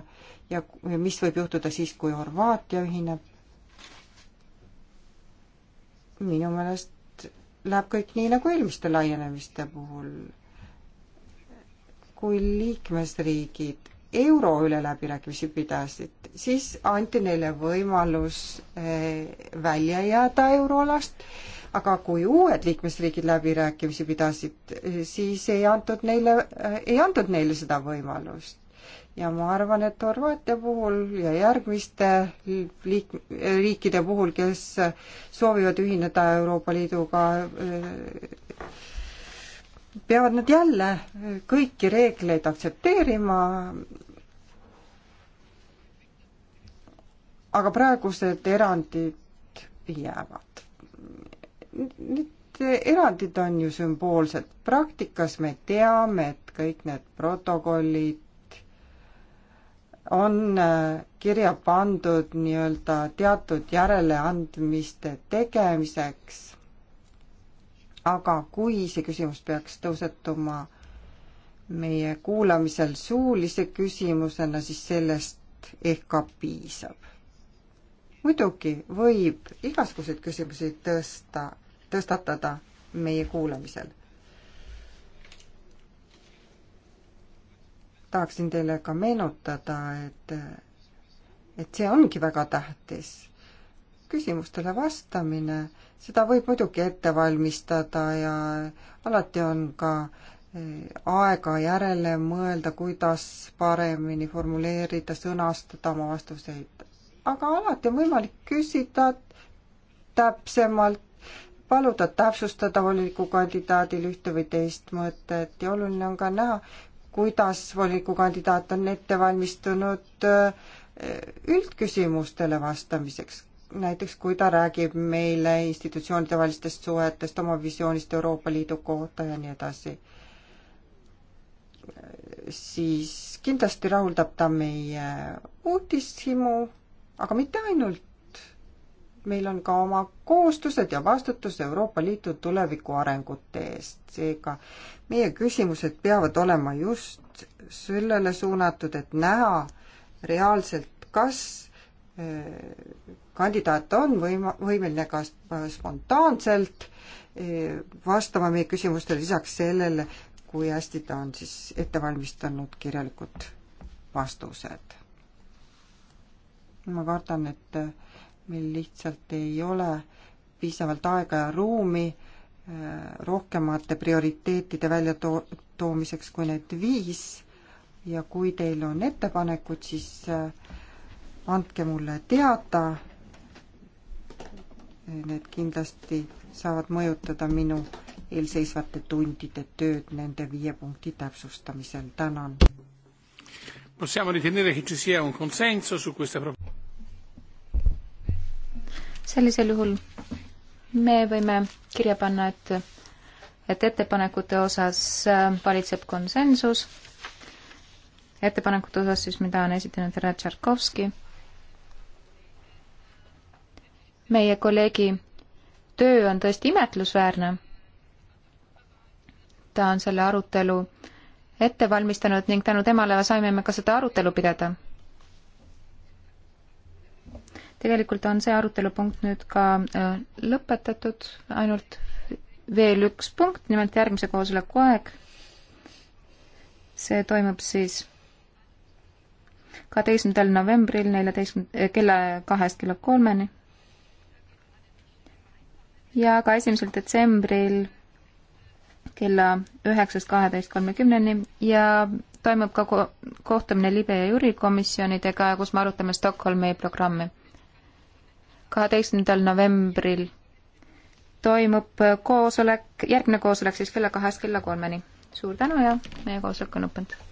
ja mis võib juhtuda siis, kui Horvaatia ühineb. minu meelest läheb kõik nii nagu eelmiste laienemiste puhul. kui liikmesriigid euro üle läbirääkimisi pidasid, siis anti neile võimalus eh, välja jääda euroalast, aga kui uued liikmesriigid läbirääkimisi pidasid, eh, siis ei antud neile, eh, ei antud neile seda võimalust ja ma arvan, et Horvaatia puhul ja järgmiste liik-, riikide puhul, kes soovivad ühineda Euroopa Liiduga, eh, peavad nad jälle kõiki reegleid aktsepteerima, aga praegused erandid jäävad. Need erandid on ju sümboolsed, praktikas me teame, et kõik need protokollid on äh, kirja pandud nii-öelda teatud järeleandmiste tegemiseks, aga kui see küsimus peaks tõusetuma meie kuulamisel suulise küsimusena, siis sellest ehk ka piisab. muidugi võib igasuguseid küsimusi tõsta, tõstatada meie kuulamisel tahaksin teile ka meenutada, et, et see ongi väga tähtis. küsimustele vastamine, seda võib muidugi ette valmistada ja alati on ka eh, aega järele mõelda, kuidas paremini formuleerida, sõnastada oma vastuseid. aga alati on võimalik küsida täpsemalt, paluda täpsustada volikogu kandidaadil ühte või teist mõtet ja oluline on ka näha, kuidas volinikukandidaat on ette valmistunud äh, üldküsimustele vastamiseks, näiteks kui ta räägib meile institutsioonide välistest suhetest, oma visioonist Euroopa Liidu kohta ja nii edasi, siis kindlasti rahuldab ta meie uudishimu, aga mitte ainult meil on ka oma kohustused ja vastutus Euroopa Liidu tuleviku arengute eest, seega meie küsimused peavad olema just sellele suunatud, et näha reaalselt, kas äh, kandidaat on võima-, võimeline ka spontaanselt äh, vastama meie küsimustele, lisaks sellele, kui hästi ta on siis ette valmistanud kirjalikud vastused. ma kardan, et äh, meil lihtsalt ei ole piisavalt aega ja ruumi äh, rohkemate prioriteetide välja to-, toomiseks kui need viis ja kui teil on ettepanekud, siis äh, andke mulle teada, need kindlasti saavad mõjutada minu eelseisvate tundide tööd nende viie punkti täpsustamisel, tänan sellisel juhul me võime kirja panna, et, et ettepanekute osas äh, valitseb konsensus, ettepanekute osas siis, mida on esitanud härra Tšarkovski, meie kolleegi töö on tõesti imetlusväärne. ta on selle arutelu ette valmistanud ning tänu temale saime me ka seda arutelu pidada tegelikult on see arutelupunkt nüüd ka äh, lõpetatud, ainult veel üks punkt, nimelt järgmise koosoleku aeg. see toimub siis kaheteistkümnendal novembril neljateistkümne, äh, kella kahest kella kolmeni. ja ka esimesel detsembril kella üheksast kaheteist kolmekümneni ja toimub ka ko kohtumine libe ja jurikomisjonidega, kus me arutame Stockholmi programmi kaheteistkümnendal novembril toimub koosolek, järgmine koosolek siis kella kahest kella kolmeni. suur tänu ja meie koosolek on lõppenud.